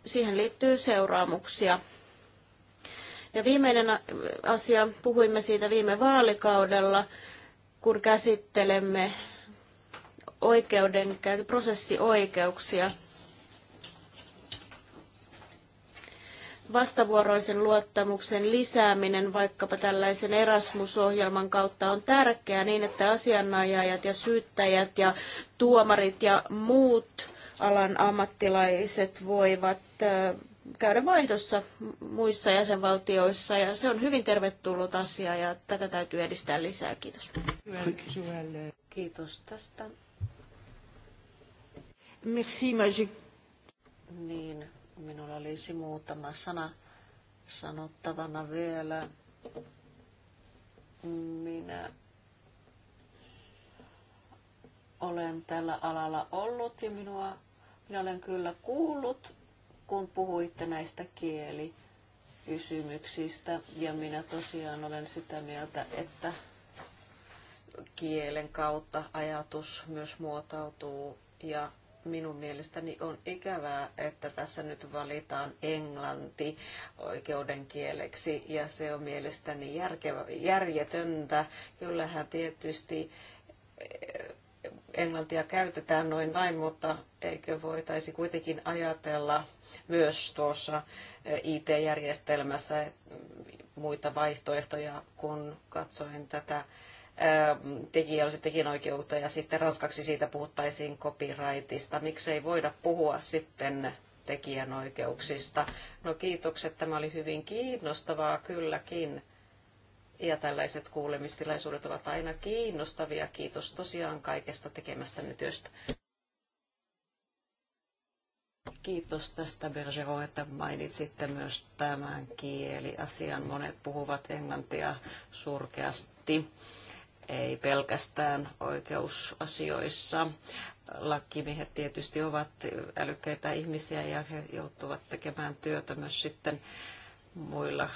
Siihen liittyy seuraamuksia. Ja viimeinen asia, puhuimme siitä viime vaalikaudella, kun käsittelemme oikeudenkäynti, prosessioikeuksia. Vastavuoroisen luottamuksen lisääminen vaikkapa tällaisen Erasmus-ohjelman kautta on tärkeää niin, että asianajajat ja syyttäjät ja tuomarit ja muut alan ammattilaiset voivat käydä vaihdossa muissa jäsenvaltioissa ja se on hyvin tervetullut asia ja tätä täytyy edistää lisää. Kiitos. Kiitos tästä. Merci, Magic. Niin, minulla olisi muutama sana sanottavana vielä. Minä olen tällä alalla ollut ja minua, minä olen kyllä kuullut kun puhuitte näistä kielikysymyksistä. Ja minä tosiaan olen sitä mieltä, että kielen kautta ajatus myös muotautuu ja minun mielestäni on ikävää, että tässä nyt valitaan englanti oikeudenkieleksi ja se on mielestäni järkevä, järjetöntä. Kyllähän tietysti englantia käytetään noin vain, mutta eikö voitaisi kuitenkin ajatella myös tuossa eh, IT-järjestelmässä eh, muita vaihtoehtoja, kun katsoin tätä eh, tekijällisen tekijänoikeutta ja sitten ranskaksi siitä puhuttaisiin copyrightista. Miksei voida puhua sitten tekijänoikeuksista? No kiitokset, tämä oli hyvin kiinnostavaa kylläkin. Ja tällaiset kuulemistilaisuudet ovat aina kiinnostavia. Kiitos tosiaan kaikesta tekemästäni työstä. Kiitos tästä Bergero, että mainitsitte myös tämän kieliasian. Monet puhuvat englantia surkeasti, ei pelkästään oikeusasioissa. Lakkimiehet tietysti ovat älykkäitä ihmisiä ja he joutuvat tekemään työtä myös sitten muilla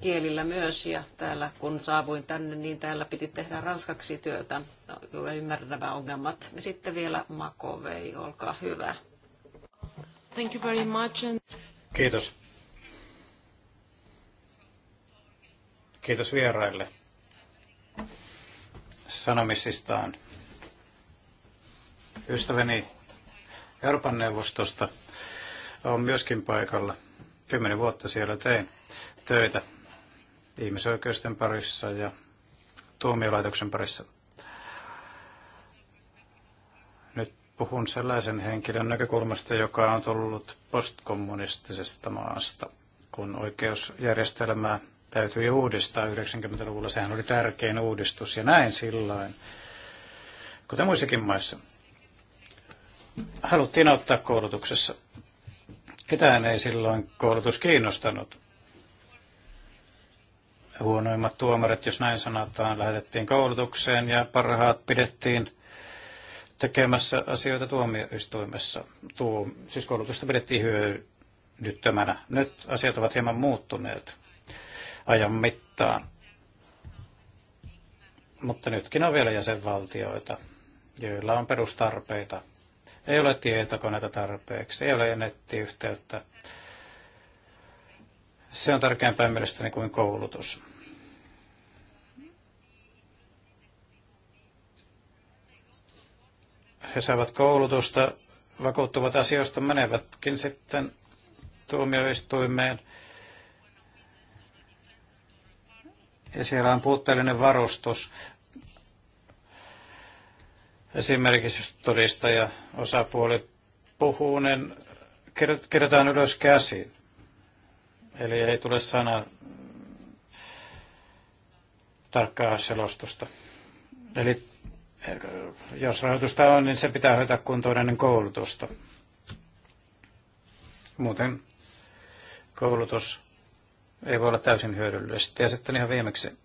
kielillä myös. Ja täällä kun saavuin tänne, niin täällä piti tehdä ranskaksi työtä. Kyllä no, ymmärrän nämä ongelmat. Ja sitten vielä Makovei, olkaa hyvä. Thank you very much. And... Kiitos. Kiitos vieraille sanomisistaan. Ystäväni Euroopan neuvostosta on myöskin paikalla. Kymmenen vuotta siellä tein töitä ihmisoikeusten parissa ja tuomiolaitoksen parissa. Nyt puhun sellaisen henkilön näkökulmasta, joka on tullut postkommunistisesta maasta, kun oikeusjärjestelmää täytyi uudistaa 90-luvulla. Sehän oli tärkein uudistus ja näin silloin, kuten muissakin maissa. Haluttiin auttaa koulutuksessa. Ketään ei silloin koulutus kiinnostanut huonoimmat tuomarit, jos näin sanotaan, lähetettiin koulutukseen ja parhaat pidettiin tekemässä asioita tuomioistuimessa. Tuo, siis koulutusta pidettiin hyödyttömänä. Nyt asiat ovat hieman muuttuneet ajan mittaan. Mutta nytkin on vielä jäsenvaltioita, joilla on perustarpeita. Ei ole tietokoneita tarpeeksi, ei ole nettiyhteyttä. Se on tärkeämpää mielestäni kuin koulutus. He saavat koulutusta, vakuuttuvat asioista, menevätkin sitten tuomioistuimeen. Ja siellä on puutteellinen varustus. Esimerkiksi jos todistaja osapuoli puhuu, niin kirjoitetaan ylös käsin. Eli ei tule sanan tarkkaa selostusta. Eli eh, jos rahoitusta on, niin se pitää hoitaa kuntoon ennen koulutusta. Muuten koulutus ei voi olla täysin hyödyllistä. Ja sitten ihan viimeksi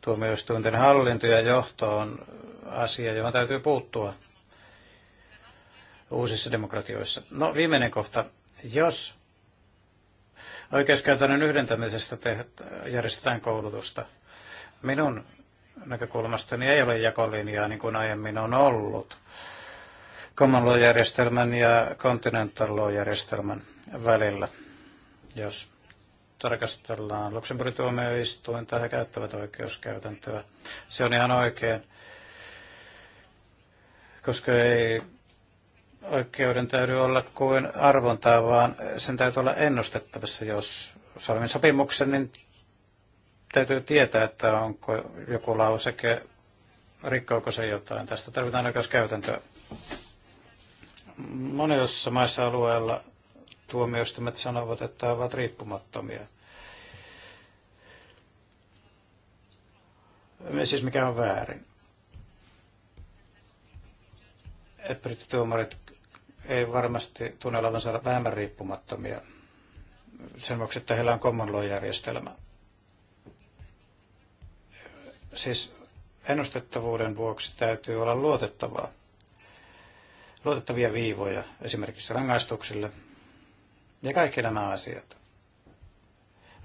tuomioistuinten hallinto ja johto on asia, johon täytyy puuttua uusissa demokratioissa. No viimeinen kohta. Jos oikeuskäytännön yhdentämisestä te, järjestetään koulutusta, minun näkökulmastani ei ole jakolinjaa niin kuin aiemmin on ollut common law-järjestelmän ja continental law-järjestelmän välillä. Jos tarkastellaan Luxemburgin tuomioistuinta, he käyttävät oikeuskäytäntöä. Se on ihan oikein, koska ei oikeuden täytyy olla kuin arvontaa, vaan sen täytyy olla ennustettavissa. Jos solmin sopimuksen, niin täytyy tietää, että onko joku lauseke, rikkoako se jotain. Tästä tarvitaan oikeuskäytäntöä. Monissa maissa alueella tuomioistuimet sanovat, että ovat riippumattomia. Siis mikä on väärin? brittituomarit ei varmasti tunne olevansa vähemmän riippumattomia sen vuoksi, että heillä on common law-järjestelmä. Siis ennustettavuuden vuoksi täytyy olla luotettavaa. Luotettavia viivoja esimerkiksi rangaistuksille ja kaikki nämä asiat.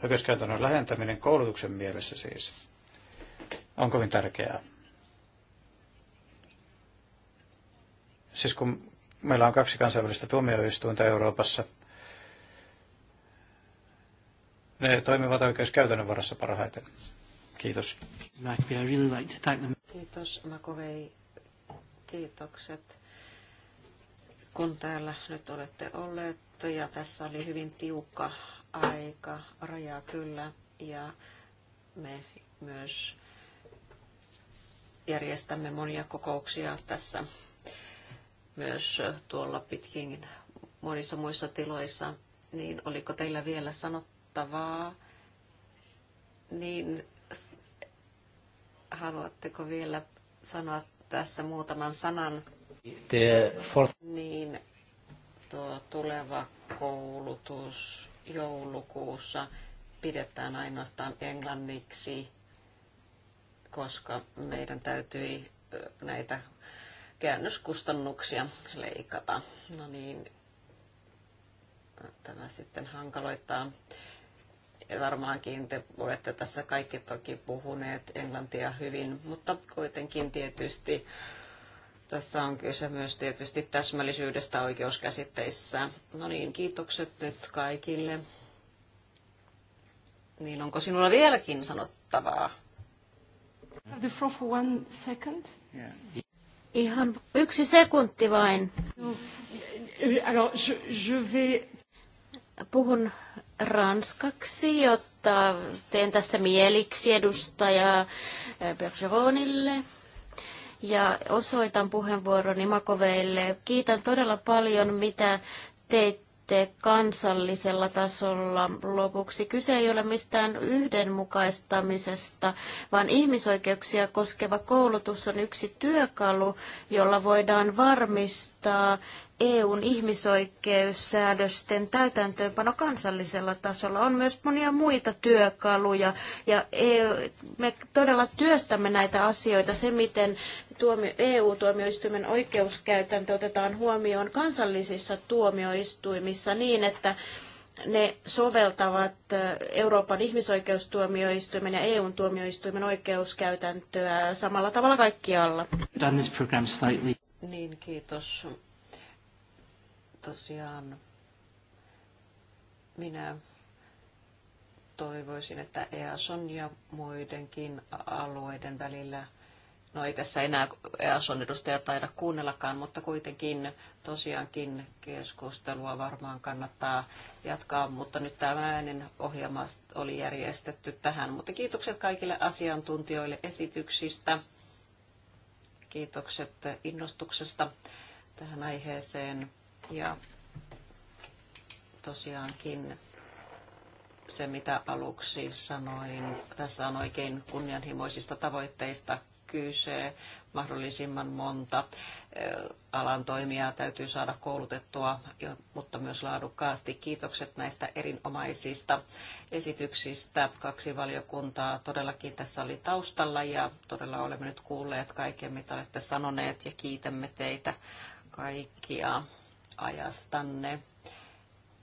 Oikeuskäytännön lähentäminen koulutuksen mielessä siis on kovin tärkeää. Siis kun meillä on kaksi kansainvälistä tuomioistuinta Euroopassa. Ne toimivat oikeuskäytännön varassa parhaiten. Kiitos. Kiitos Makovei. Kiitokset kun täällä nyt olette olleet ja tässä oli hyvin tiukka aika, raja kyllä ja me myös järjestämme monia kokouksia tässä myös tuolla pitkin monissa muissa tiloissa, niin oliko teillä vielä sanottavaa, niin haluatteko vielä sanoa tässä muutaman sanan? Niin, tuo tuleva koulutus joulukuussa pidetään ainoastaan englanniksi, koska meidän täytyi näitä käännöskustannuksia leikata. No niin, tämä sitten hankaloittaa. Ja varmaankin te olette tässä kaikki toki puhuneet englantia hyvin, mutta kuitenkin tietysti tässä on kyse myös tietysti täsmällisyydestä oikeuskäsitteissä. No niin, kiitokset nyt kaikille. Niin onko sinulla vieläkin sanottavaa? Have the floor for one second. Yeah. Ihan yksi sekunti vain. Alors, je, je vais... Puhun ranskaksi, jotta teen tässä mieliksi edustaja eh, Bergeronille ja osoitan puheenvuoroni Makoveille. Kiitän todella paljon, mitä teit sitten kansallisella tasolla lopuksi. Kyse ei ole mistään yhdenmukaistamisesta, vaan ihmisoikeuksia koskeva koulutus on yksi työkalu, jolla voidaan varmistaa, vaikuttaa EUn ihmisoikeussäädösten täytäntöönpano kansallisella tasolla. On myös monia muita työkaluja ja EU, me todella työstämme näitä asioita. Se, miten EU-tuomioistuimen oikeuskäytäntö otetaan huomioon kansallisissa tuomioistuimissa niin, että ne soveltavat Euroopan ihmisoikeustuomioistuimen ja EUn tuomioistuimen oikeuskäytäntöä samalla tavalla kaikkialla. Done this niin, kiitos. Tosiaan minä toivoisin, että EASON ja muidenkin alueiden välillä, no ei tässä enää EASON edustaja taida kuunnellakaan, mutta kuitenkin tosiaankin keskustelua varmaan kannattaa jatkaa, mutta nyt tämä äänen ohjelma oli järjestetty tähän. Mutta kiitokset kaikille asiantuntijoille esityksistä. Kiitokset innostuksesta tähän aiheeseen. Ja tosiaankin se, mitä aluksi sanoin, tässä on oikein kunnianhimoisista tavoitteista kyse, mahdollisimman monta alan toimijaa täytyy saada koulutettua, mutta myös laadukkaasti. Kiitokset näistä erinomaisista esityksistä. Kaksi valiokuntaa todellakin tässä oli taustalla ja todella olemme nyt kuulleet kaiken, mitä olette sanoneet ja kiitämme teitä kaikkia ajastanne.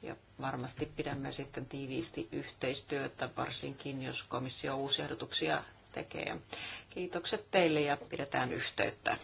Ja varmasti pidämme sitten tiiviisti yhteistyötä, varsinkin jos komissio uusia ehdotuksia tekee. Kiitokset teille ja pidetään yhteyttä.